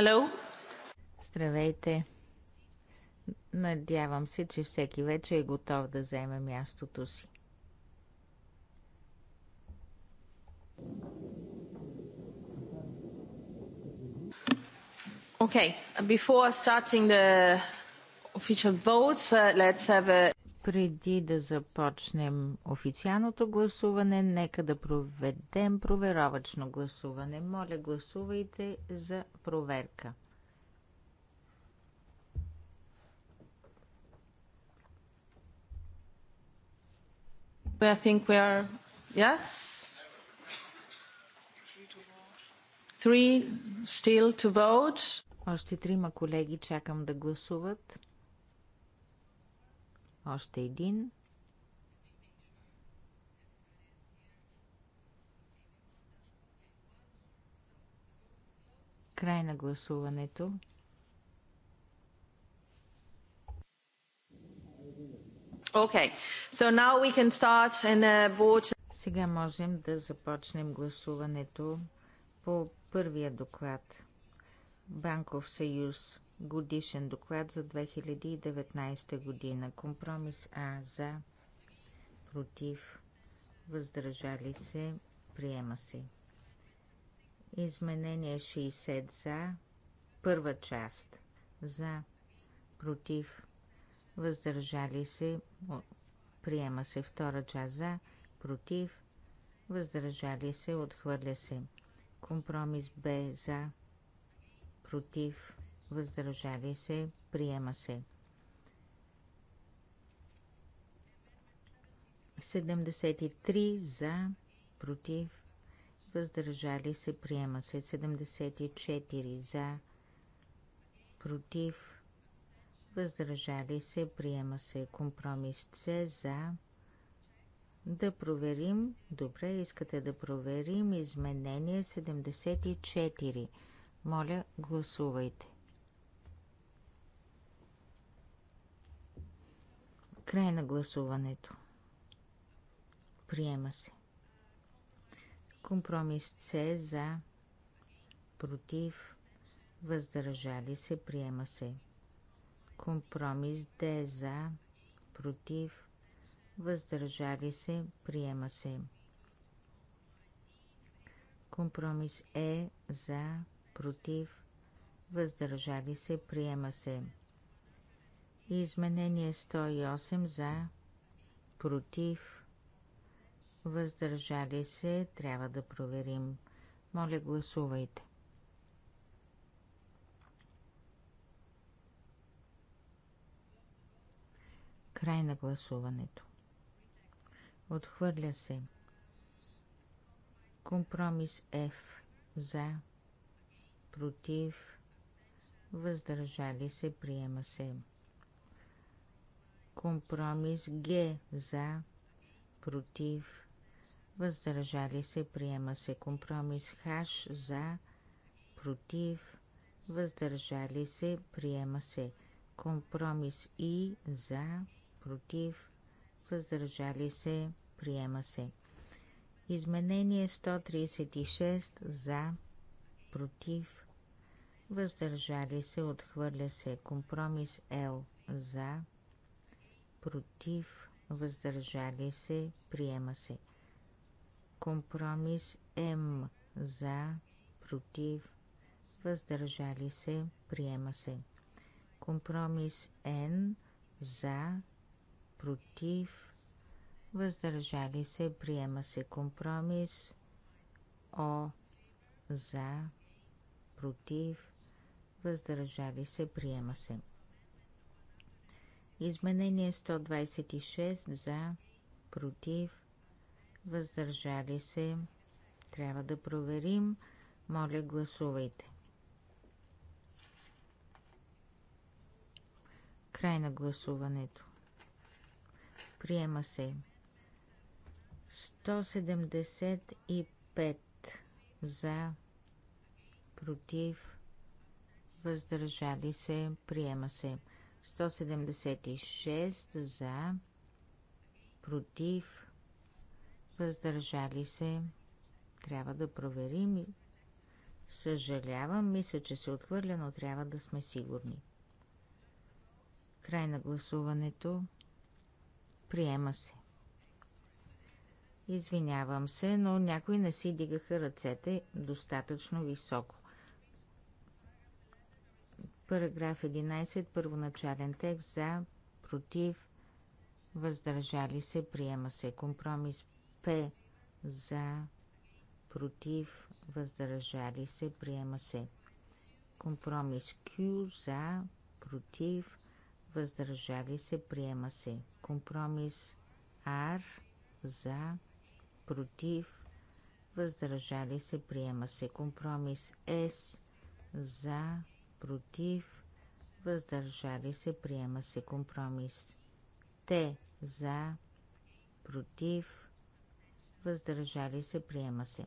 Hello. Здравейте. Надявам се, че всеки вече е готов да вземе мястото си. Okay, before starting the official votes, uh, let's have a преди да започнем официалното гласуване, нека да проведем проверовачно гласуване. Моля, гласувайте за проверка. I think we are, yes? Three still to vote. Още трима колеги чакам да гласуват. Още един. Край на гласуването. Okay. So now we can start and uh, vote. Сега можем да започнем гласуването по първия доклад. Банков съюз. Годишен доклад за 2019 година. Компромис А за, против, въздържали се, приема се. Изменение 60 за, първа част за, против, въздържали се, приема се втора част за, против, въздържали се, отхвърля се. Компромис Б за, против, въздържали се, приема се. 73 за, против, въздържали се, приема се. 74 за, против, въздържали се, приема се. Компромис С за, да проверим. Добре, искате да проверим изменение 74. Моля, гласувайте. Край на гласуването. Приема се. Компромис С за, против, въздържали се, приема се. Компромис Д за, против, въздържали се, приема се. Компромис Е за, против, въздържали се, приема се. Изменение 108 за, против, въздържали се, трябва да проверим. Моля, гласувайте. Край на гласуването. Отхвърля се. Компромис F за, против, въздържали се, приема се. Компромис Г за, против, въздържали се, приема се. Компромис Х за, против, въздържали се, приема се. Компромис И за, против, въздържали се, приема се. Изменение 136 за, против, въздържали се, отхвърля се. Компромис Л за, против, въздържали се, приема се. Компромис М за, против, въздържали се, приема се. Компромис Н за, против, въздържали се, приема се. Компромис О за, против, въздържали се, приема се. Изменение 126 за, против, въздържали се. Трябва да проверим. Моля, гласувайте. Край на гласуването. Приема се. 175 за, против, въздържали се. Приема се. 176 за, против, въздържали се. Трябва да проверим. Съжалявам, мисля, че се отхвърля, но трябва да сме сигурни. Край на гласуването. Приема се. Извинявам се, но някои не си дигаха ръцете достатъчно високо. Параграф 11, първоначален текст за, против, въздържали се, приема се. Компромис П за, против, въздържали се, приема се. Компромис Q за, против, въздържали се, приема се. Компромис R за, против, въздържали се, приема се. Компромис S за, против, против, въздържали се, приема се компромис. Те за, против, въздържали се, приема се.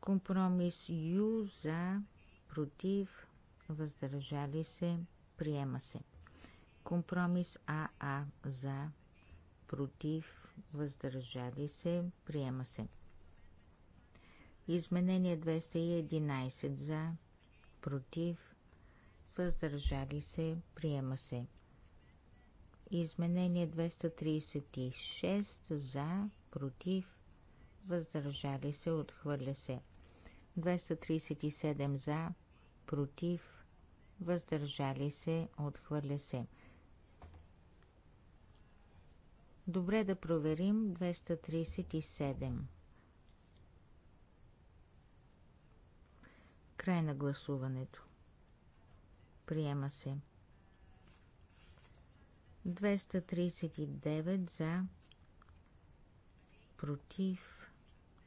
Компромис Ю за, против, въздържали се, приема се. Компромис АА за, против, въздържали се, приема се. Изменение 211 за, против, въздържали се, приема се. Изменение 236 за, против, въздържали се, отхвърля се. 237 за, против, въздържали се, отхвърля се. Добре да проверим 237. Край на гласуването. Приема се. 239 за. Против.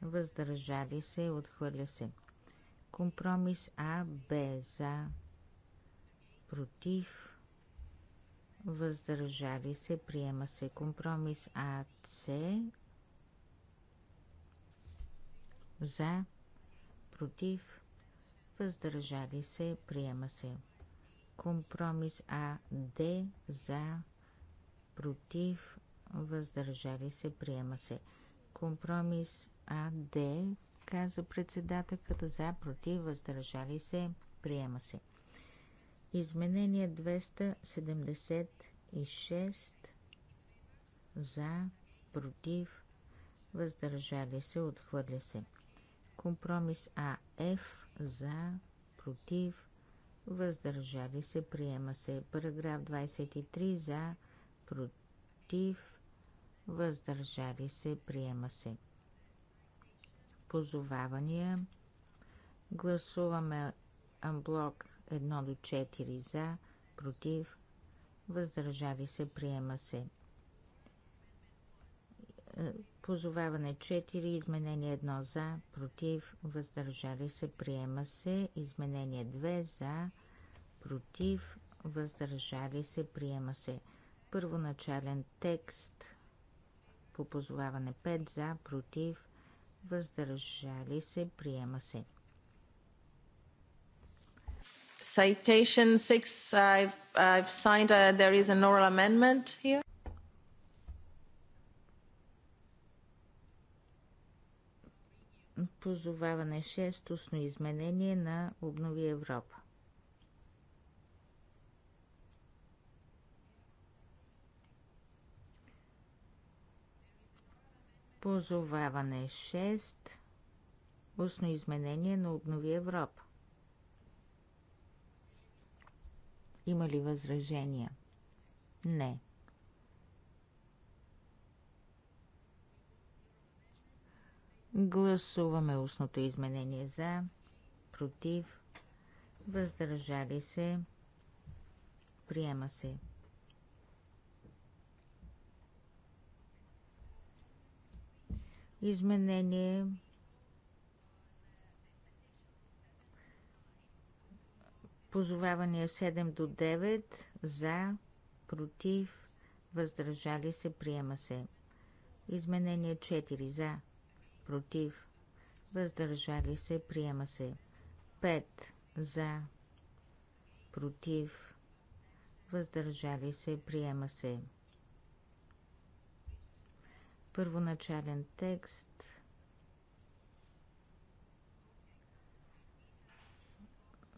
Въздържали се. Отхвърля се. Компромис А, Б за. Против. Въздържали се. Приема се. Компромис А, С. За. Против въздържали се, приема се. Компромис А, Д, за, против, въздържали се, приема се. Компромис А, Д, каза председателката, за, против, въздържали се, приема се. Изменение 276 за, против, въздържали се, отхвърля се. Компромис А Ф за, против, въздържали се, приема се. Параграф 23 за, против, въздържали се, приема се. Позовавания. Гласуваме амблок 1 до 4 за, против, въздържали се, приема се. Е, позоваване 4, изменение 1 за, против, въздържали се, приема се. Изменение 2 за, против, въздържали се, приема се. Първоначален текст по позоваване 5 за, против, въздържали се, приема се. Citation 6, I've, I've signed, a, there is an oral amendment here. Позоваване 6, устно изменение на Обнови Европа. Позоваване 6. Устно изменение на Обнови Европа. Има ли възражения? Не. Гласуваме устното изменение за, против, въздържали се, приема се. изменение позовавания 7 до 9 за, против, въздържали се, приема се. Изменение 4 за, против, въздържали се, приема се. 5 за, против, въздържали се, приема се. Първоначален текст.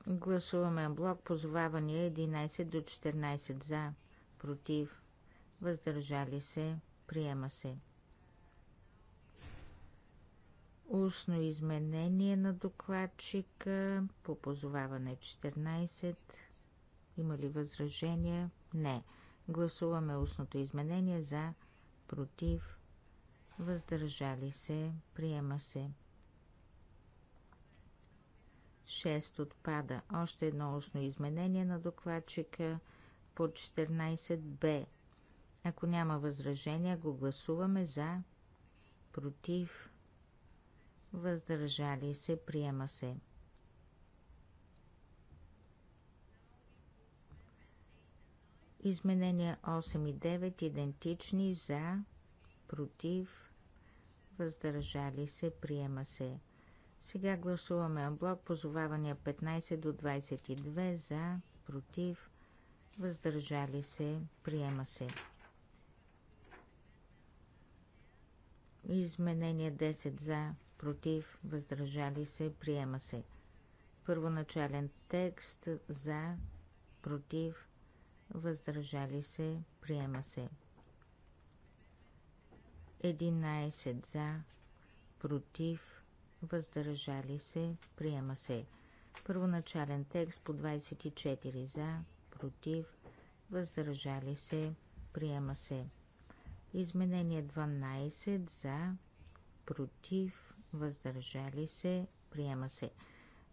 Гласуваме блок позовавания 11 до 14 за, против, въздържали се, приема се. Устно изменение на докладчика по позоваване 14. Има ли възражения? Не. Гласуваме устното изменение за, против, въздържали се, приема се. 6 отпада. Още едно устно изменение на докладчика по 14б. Ако няма възражения, го гласуваме за, против, въздържали се, приема се. Изменения 8 и 9 идентични за, против, въздържали се, приема се. Сега гласуваме блок позовавания 15 до 22 за, против, въздържали се, приема се. Изменение 10 за, против, въздържали се, приема се. Първоначален текст за, против, въздържали се, приема се. 11 за, против, въздържали се, приема се. Първоначален текст по 24 за, против, въздържали се, приема се. Изменение 12 за, против, въздържали се, приема се.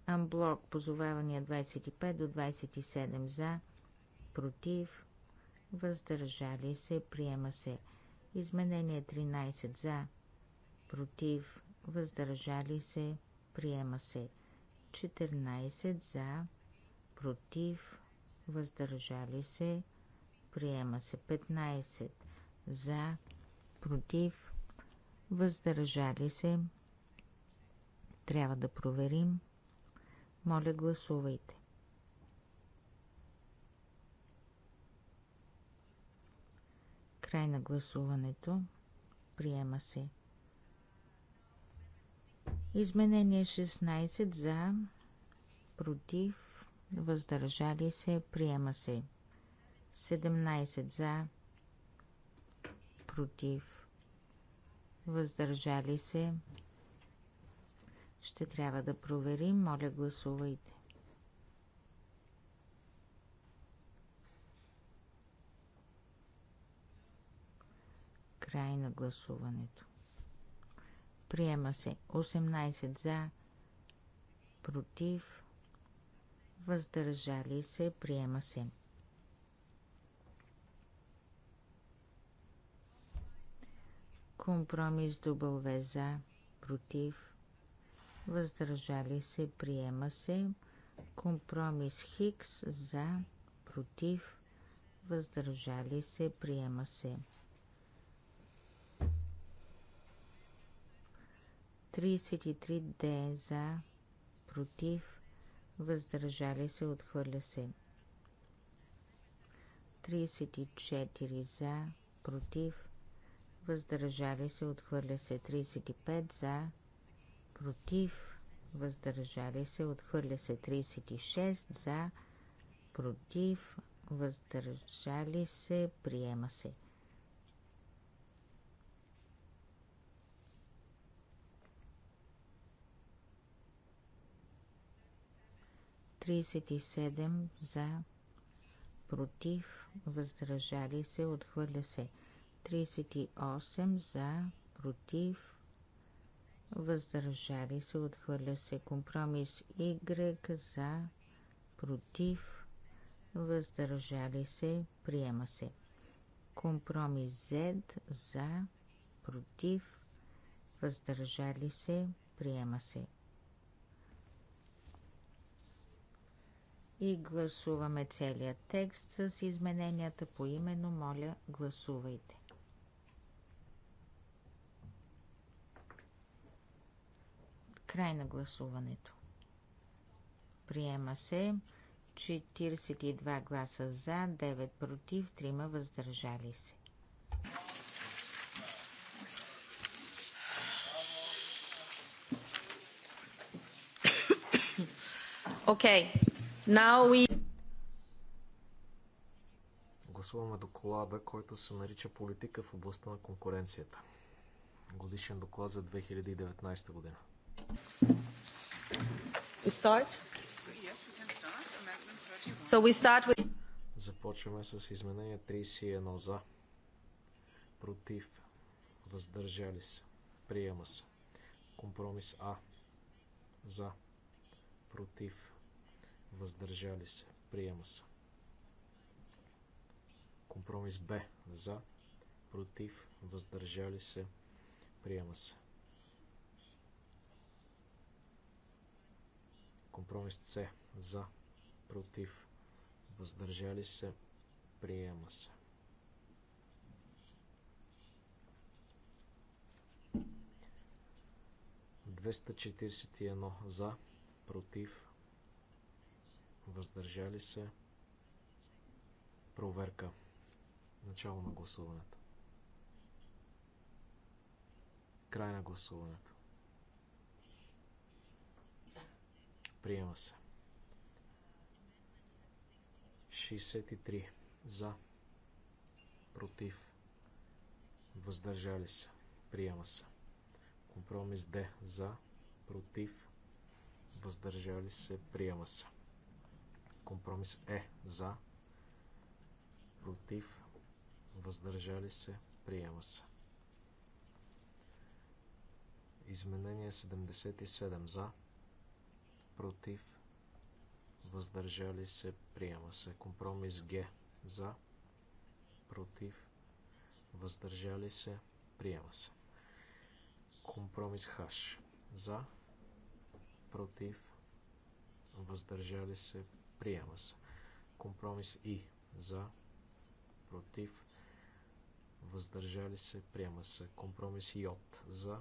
Амблок позовавания 25 до 27 за, против, въздържали се, приема се. Изменение 13 за, против, въздържали се, приема се. 14 за, против, въздържали се, приема се. 15 за, против, въздържали се. Трябва да проверим. Моля, гласувайте. Край на гласуването. Приема се. Изменение 16 за, против, въздържали се, приема се. 17 за, против, въздържали се. Ще трябва да проверим. Моля, гласувайте. Край на гласуването. Приема се 18 за, против, въздържали се, приема се. Компромис W за, против, въздържали се, приема се. Компромис Хикс за, против, въздържали се, приема се. 33D за, против, въздържали се, отхвърля се. 34 за, против, въздържали се, отхвърля се. 35 за, против, въздържали се, отхвърля се. 36 за, против, въздържали се, приема се. 37 за, против, въздържали се, отхвърля се. 38 за, против, въздържали се, отхвърля се. Компромис Y за, против, въздържали се, приема се. Компромис Z за, против, въздържали се, приема се. и гласуваме целия текст с измененията по именно. Моля, гласувайте. Край на гласуването. Приема се 42 гласа за, 9 против, 3 въздържали се. Okay. Гласуваме доклада, който се нарича Политика в областта на конкуренцията. Годишен доклад за 2019 година. So with... Започваме с изменение 31 за. Против. Въздържали се. Приема се. Компромис А. За. Против въздържали се, приема се. Компромис Б за, против, въздържали се, приема се. Компромис С за, против, въздържали се, приема се. Двеста четиридесет и едно за, против, въздържали се, проверка, начало на гласуването, край на гласуването, приема се. 63 за, против, въздържали се, приема се. Компромис Д за, против, въздържали се, приема се. Компромис Е за, против, въздържали се, приема се. Изменение 77 за, против, въздържали се, приема се. Компромис Г за, против, въздържали се, приема се. Компромис Х за, против, въздържали се, Приема се. Компромис И. За. Против. Въздържали се. Приема се. Компромис от, За.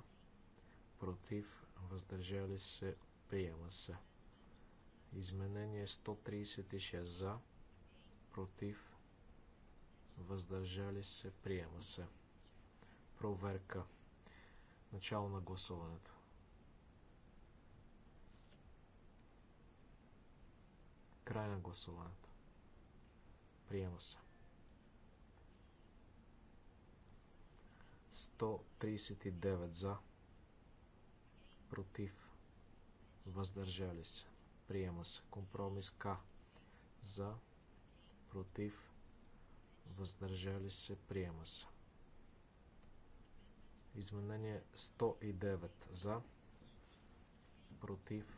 Против. Въздържали се. Приема се. Изменение 136. За. Против. Въздържали се. Приема се. Проверка. Начало на гласуването. Край на гласуването. Приема се. 139 за. Против. Въздържали се. Приема се. Компромис К. За. Против. Въздържали се. Приема се. Изменение 109 за. Против.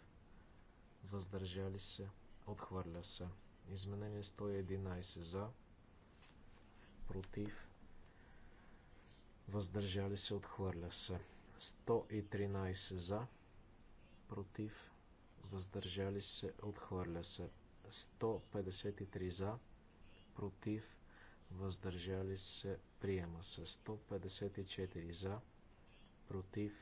Въздържали се. Отхвърля се. Изменение 111 за. Против. Въздържали се. Отхвърля се. 113 за. Против. Въздържали се. Отхвърля се. 153 за. Против. Въздържали се. Приема се. 154 за. Против.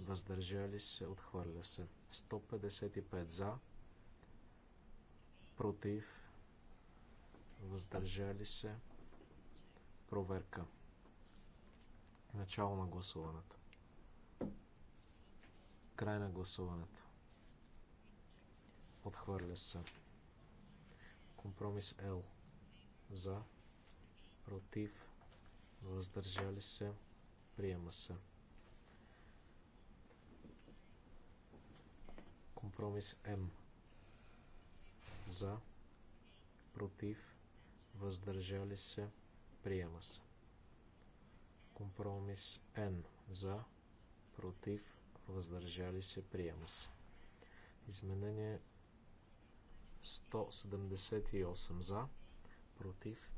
Въздържали се. Отхвърля се. 155 за против, въздържали се, проверка. Начало на гласуването. Край на гласуването. Отхвърля се. Компромис L. За. Против. Въздържали се. Приема се. Компромис М за, против, въздържали се, приема се. Компромис N за, против, въздържали се, приема се. Изменение 178 за, против,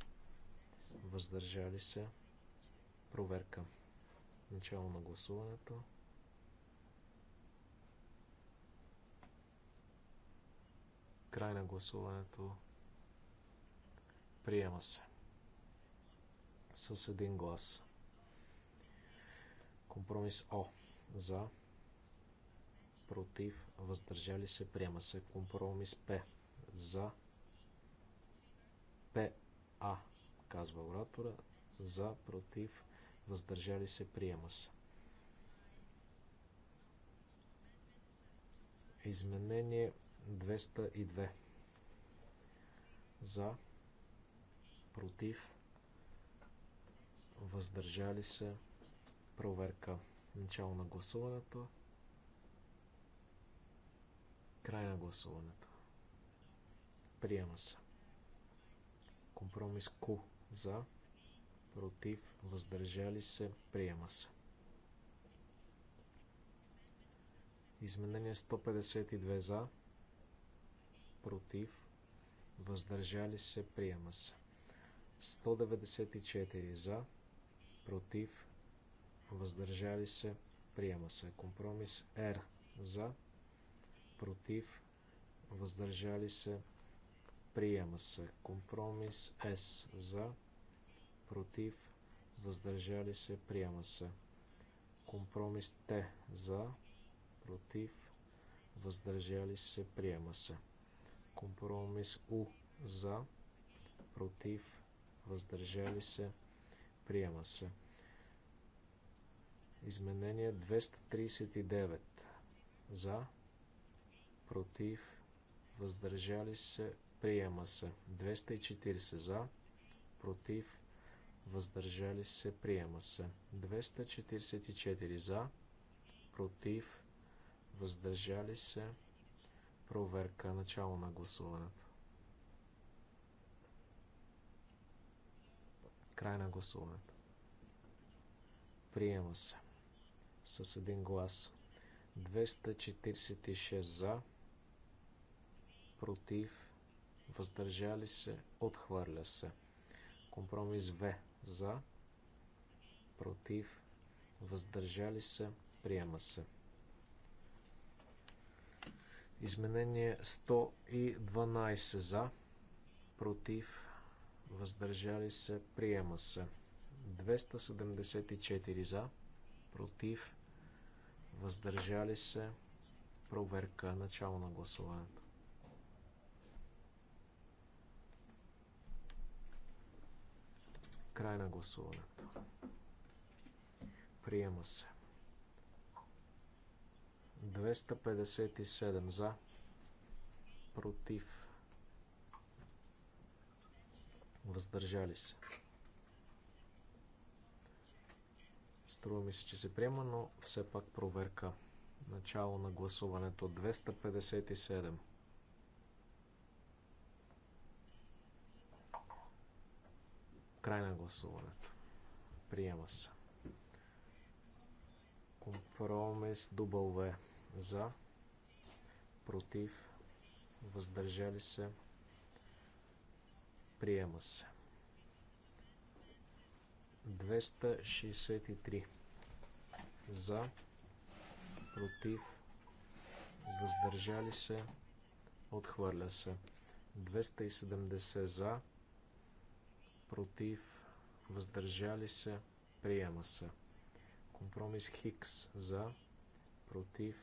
въздържали се, проверка. Начало на гласуването. Край на гласуването. Приема се. С един глас. Компромис О. За. Против. Въздържали се. Приема се. Компромис П. За. ПА. Казва оратора. За. Против. Въздържали се. Приема се. Изменение 202. За. Против. Въздържали се. Проверка. Начало на гласуването. Край на гласуването. Приема се. Компромис Q. За. Против. Въздържали се. Приема се. Изменение 152 за. Против. Въздържали се. Приема се. 194 за. Против. Въздържали се. Приема се. Компромис Р за. Против. Въздържали се. Приема се. Компромис С за. Против. Въздържали се. Приема се. Компромис Т за против, въздържали се, приема се. Компромис У за, против, въздържали се, приема се. Изменение 239 за, против, въздържали се, приема се. 240 за, против, въздържали се, приема се. 244 за, против, въздържали се, проверка, начало на гласуването. Край на гласуването. Приема се. С един глас. 246 за, против, въздържали се, отхвърля се. Компромис В за, против, въздържали се, приема се. Изменение 112 за, против, въздържали се, приема се. 274 за, против, въздържали се, проверка, начало на гласуването. Край на гласуването. Приема се. 257 за, против, въздържали се. Струва ми се, че се приема, но все пак проверка. Начало на гласуването 257. Край на гласуването. Приема се. Компромис W за, против, въздържали се, приема се. 263 за, против, въздържали се, отхвърля се. 270 за, против, въздържали се, приема се. Компромис Хикс за, против,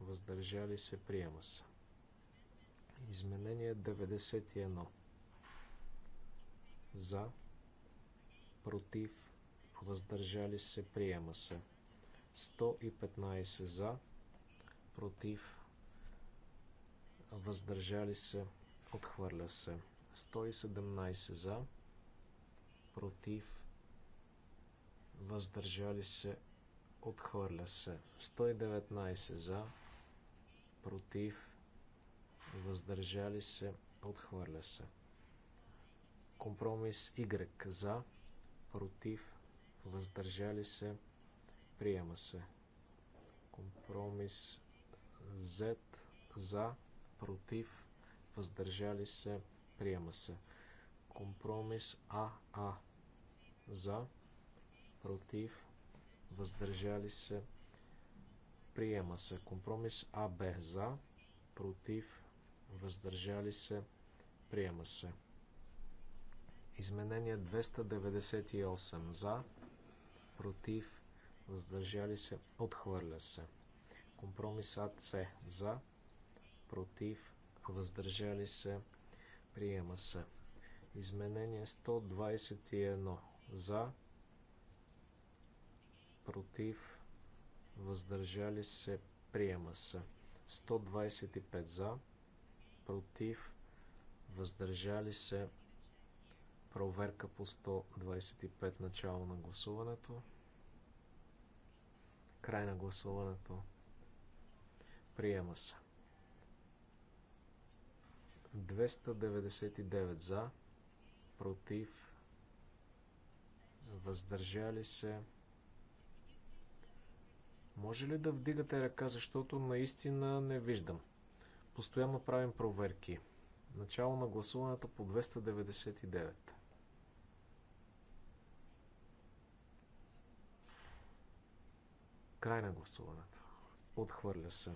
въздържали се, приема се. Изменение 91. За, против, въздържали се, приема се. 115 за, против, въздържали се, отхвърля се. 117 за, против, въздържали се, отхвърля се. 119 за, против, въздържали се, отхвърля се. Компромис Y за, против, въздържали се, приема се. Компромис Z за, против, въздържали се, приема се. Компромис АА за, против, въздържали се, приема се Приема се. Компромис АБ за, против, въздържали се, приема се. Изменение 298 за, против, въздържали се, отхвърля се. Компромис АЦ за, против, въздържали се, приема се. Изменение 121 за, против, въздържали се, приема се. 125 за, против, въздържали се, проверка по 125 начало на гласуването, край на гласуването, приема се. 299 за, против, въздържали се, може ли да вдигате ръка, защото наистина не виждам? Постоянно правим проверки. Начало на гласуването по 299. Край на гласуването. Отхвърля се.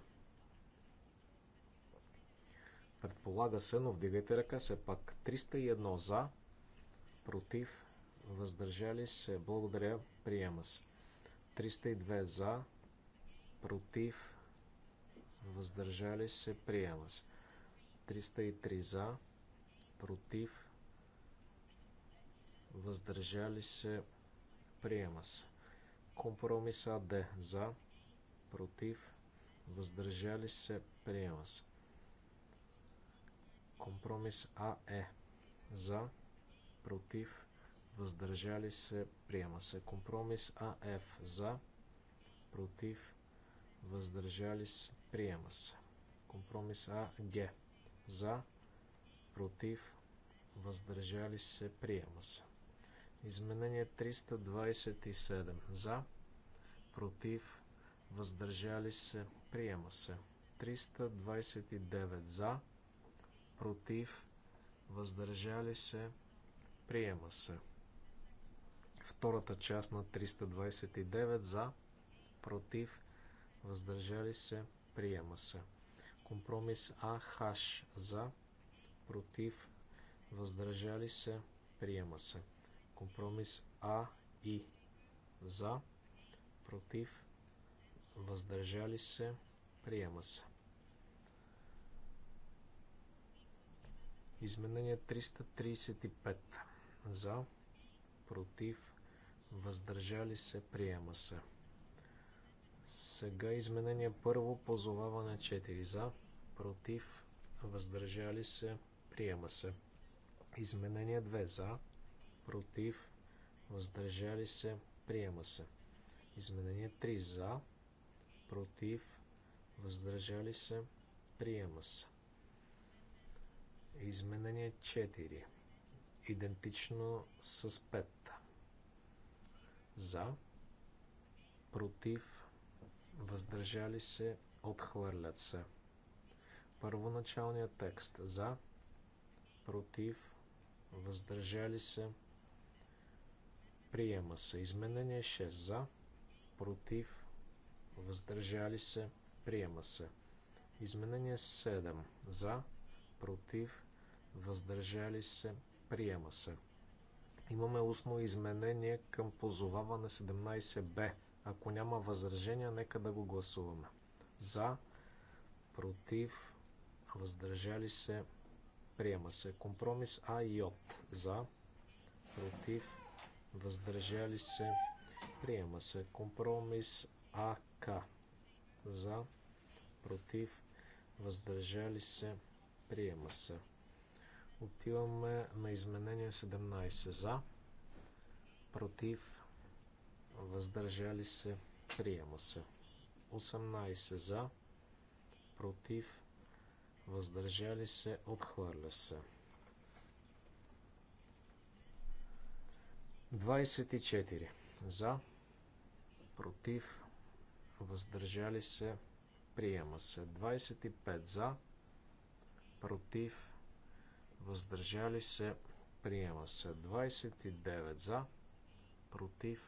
Предполага се, но вдигайте ръка все пак. 301 за, против, въздържали се. Благодаря, приема се. 302 за, против, въздържали се, приема се. 303 за, против, въздържали се, приема се. Компромис АД за, против, въздържали се, приема се. Компромис АЕ за, против, въздържали се, приема се. Компромис АФ за, против, въздържали се, приема се. Компромис АГ за, против, въздържали се, приема се. Изменение 327 за, против, въздържали се, приема се. 329 за, против, въздържали се, приема се. Втората част на 329 за, против, въздържали се, приема се. Компромис АХ за, против, въздържали се, приема се. Компромис А и за, против, въздържали се, приема се. Изменение 335 за, против, въздържали се, приема се. Сега изменение първо, позоваване 4 за, против, въздържали се, приема се. Изменение 2 за, против, въздържали се, приема се. Изменение 3 за, против, въздържали се, приема се. Изменение 4. Идентично с 5. За, против, въздържали се, отхвърлят се. Първоначалният текст за, против, въздържали се, приема се. Изменение 6 за, против, въздържали се, приема се. Изменение 7 за, против, въздържали се, приема се. Имаме устно изменение към позоваване 17б ако няма възражения, нека да го гласуваме. За, против, въздържали се, приема се. Компромис А и Йод. За, против, въздържали се, приема се. Компромис АК. За, против, въздържали се, приема се. Отиваме на изменение 17 за, против, въздържали се, приема се. 18 за, против, въздържали се, отхвърля се. 24 за, против, въздържали се, приема се. 25 за, против, въздържали се, приема се. 29 за, против,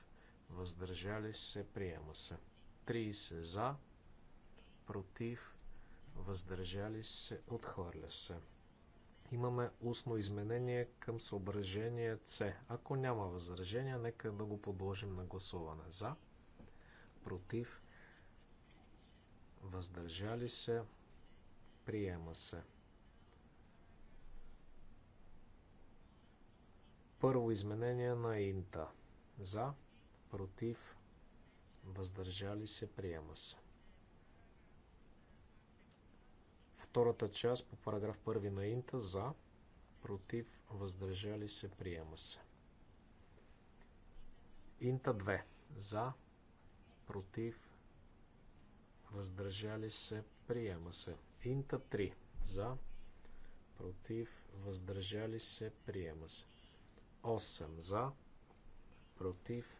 въздържали се, приема се. 30 за, против, въздържали се, отхвърля се. Имаме устно изменение към съображение С. Ако няма възражение, нека да го подложим на гласуване. За, против, въздържали се, приема се. Първо изменение на Инта. За, против, против, въздържали се, приема се. Втората част по параграф 1 на Инта за, против, въздържали се, приема се. Инта 2 за, против, въздържали се, приема се. Инта 3 за, против, въздържали се, приема се. 8 за, против,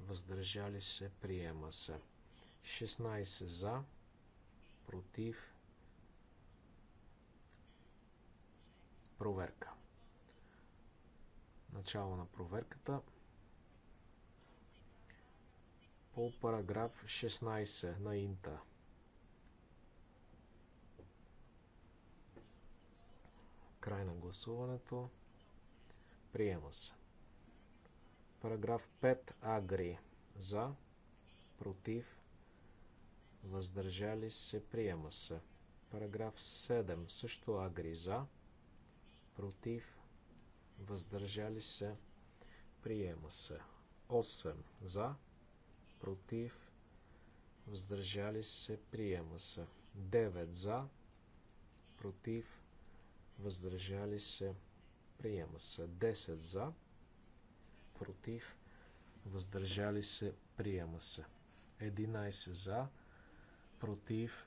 въздържали се, приема се. 16 за, против, проверка. Начало на проверката. По параграф 16 на Инта. Край на гласуването. Приема се. Параграф 5 Агри. За, против, въздържали се, приема се. Параграф 7 също Агри. За, против, въздържали се, приема се. 8 за, против, въздържали се, приема се. 9 за, против, въздържали се, приема се. 10 за, против, против, въздържали се, приема се. 11 за, против,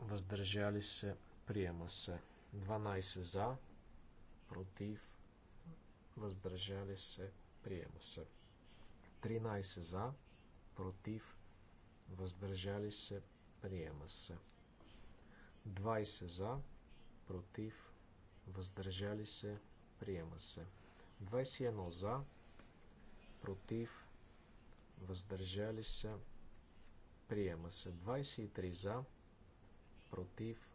въздържали се, приема се. 12 за, против, въздържали се, приема се. 13 за, против, въздържали се, приема се. 20 за, против, въздържали се, приема се. 21 за, против, въздържали се, приема се. 23 за, против,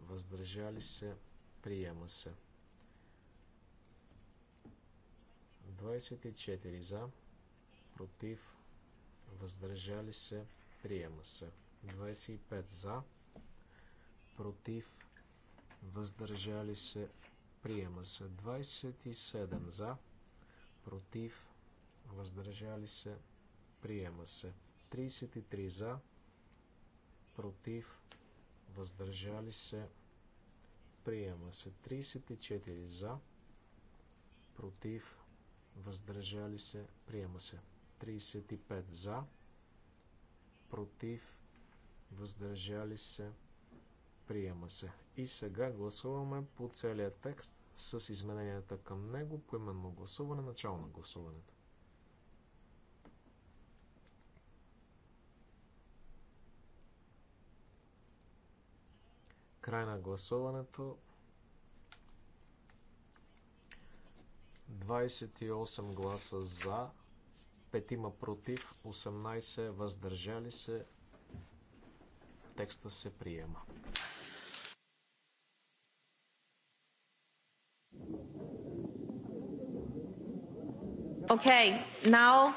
въздържали се, приема се. 24 за, против, въздържали се, приема се. 25 за, против, въздържали се, приема се. 27 за, против, въздържали се, приема се. 33 за, против, въздържали се, приема се. 34 за, против, въздържали се, приема се. 35 за, против, въздържали се, приема се. И сега гласуваме по целия текст с измененията към него, по гласуване, начало на гласуването. Край на гласуването. 28 гласа за, 5 против, 18 въздържали се. Текста се приема. Okay, now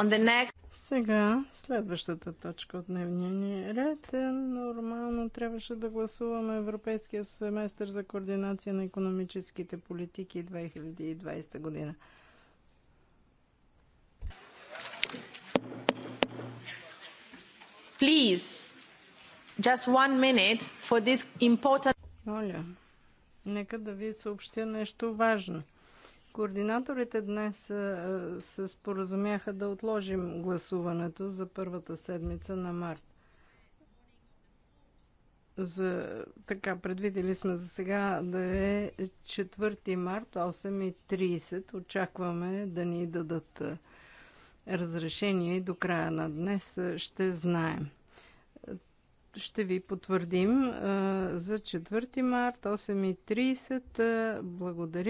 on the next сега следващата точка от дневния ни ред е нормално трябваше да гласуваме Европейския семестър за координация на економическите политики 2020 година. Please, just one minute for this important... Моля, нека да ви съобщя нещо важно – Координаторите днес се споразумяха да отложим гласуването за първата седмица на март. За, така, предвидели сме за сега да е 4 март, 8.30. Очакваме да ни дадат разрешение и до края на днес ще знаем ще ви потвърдим за 4 март 8.30. Благодаря.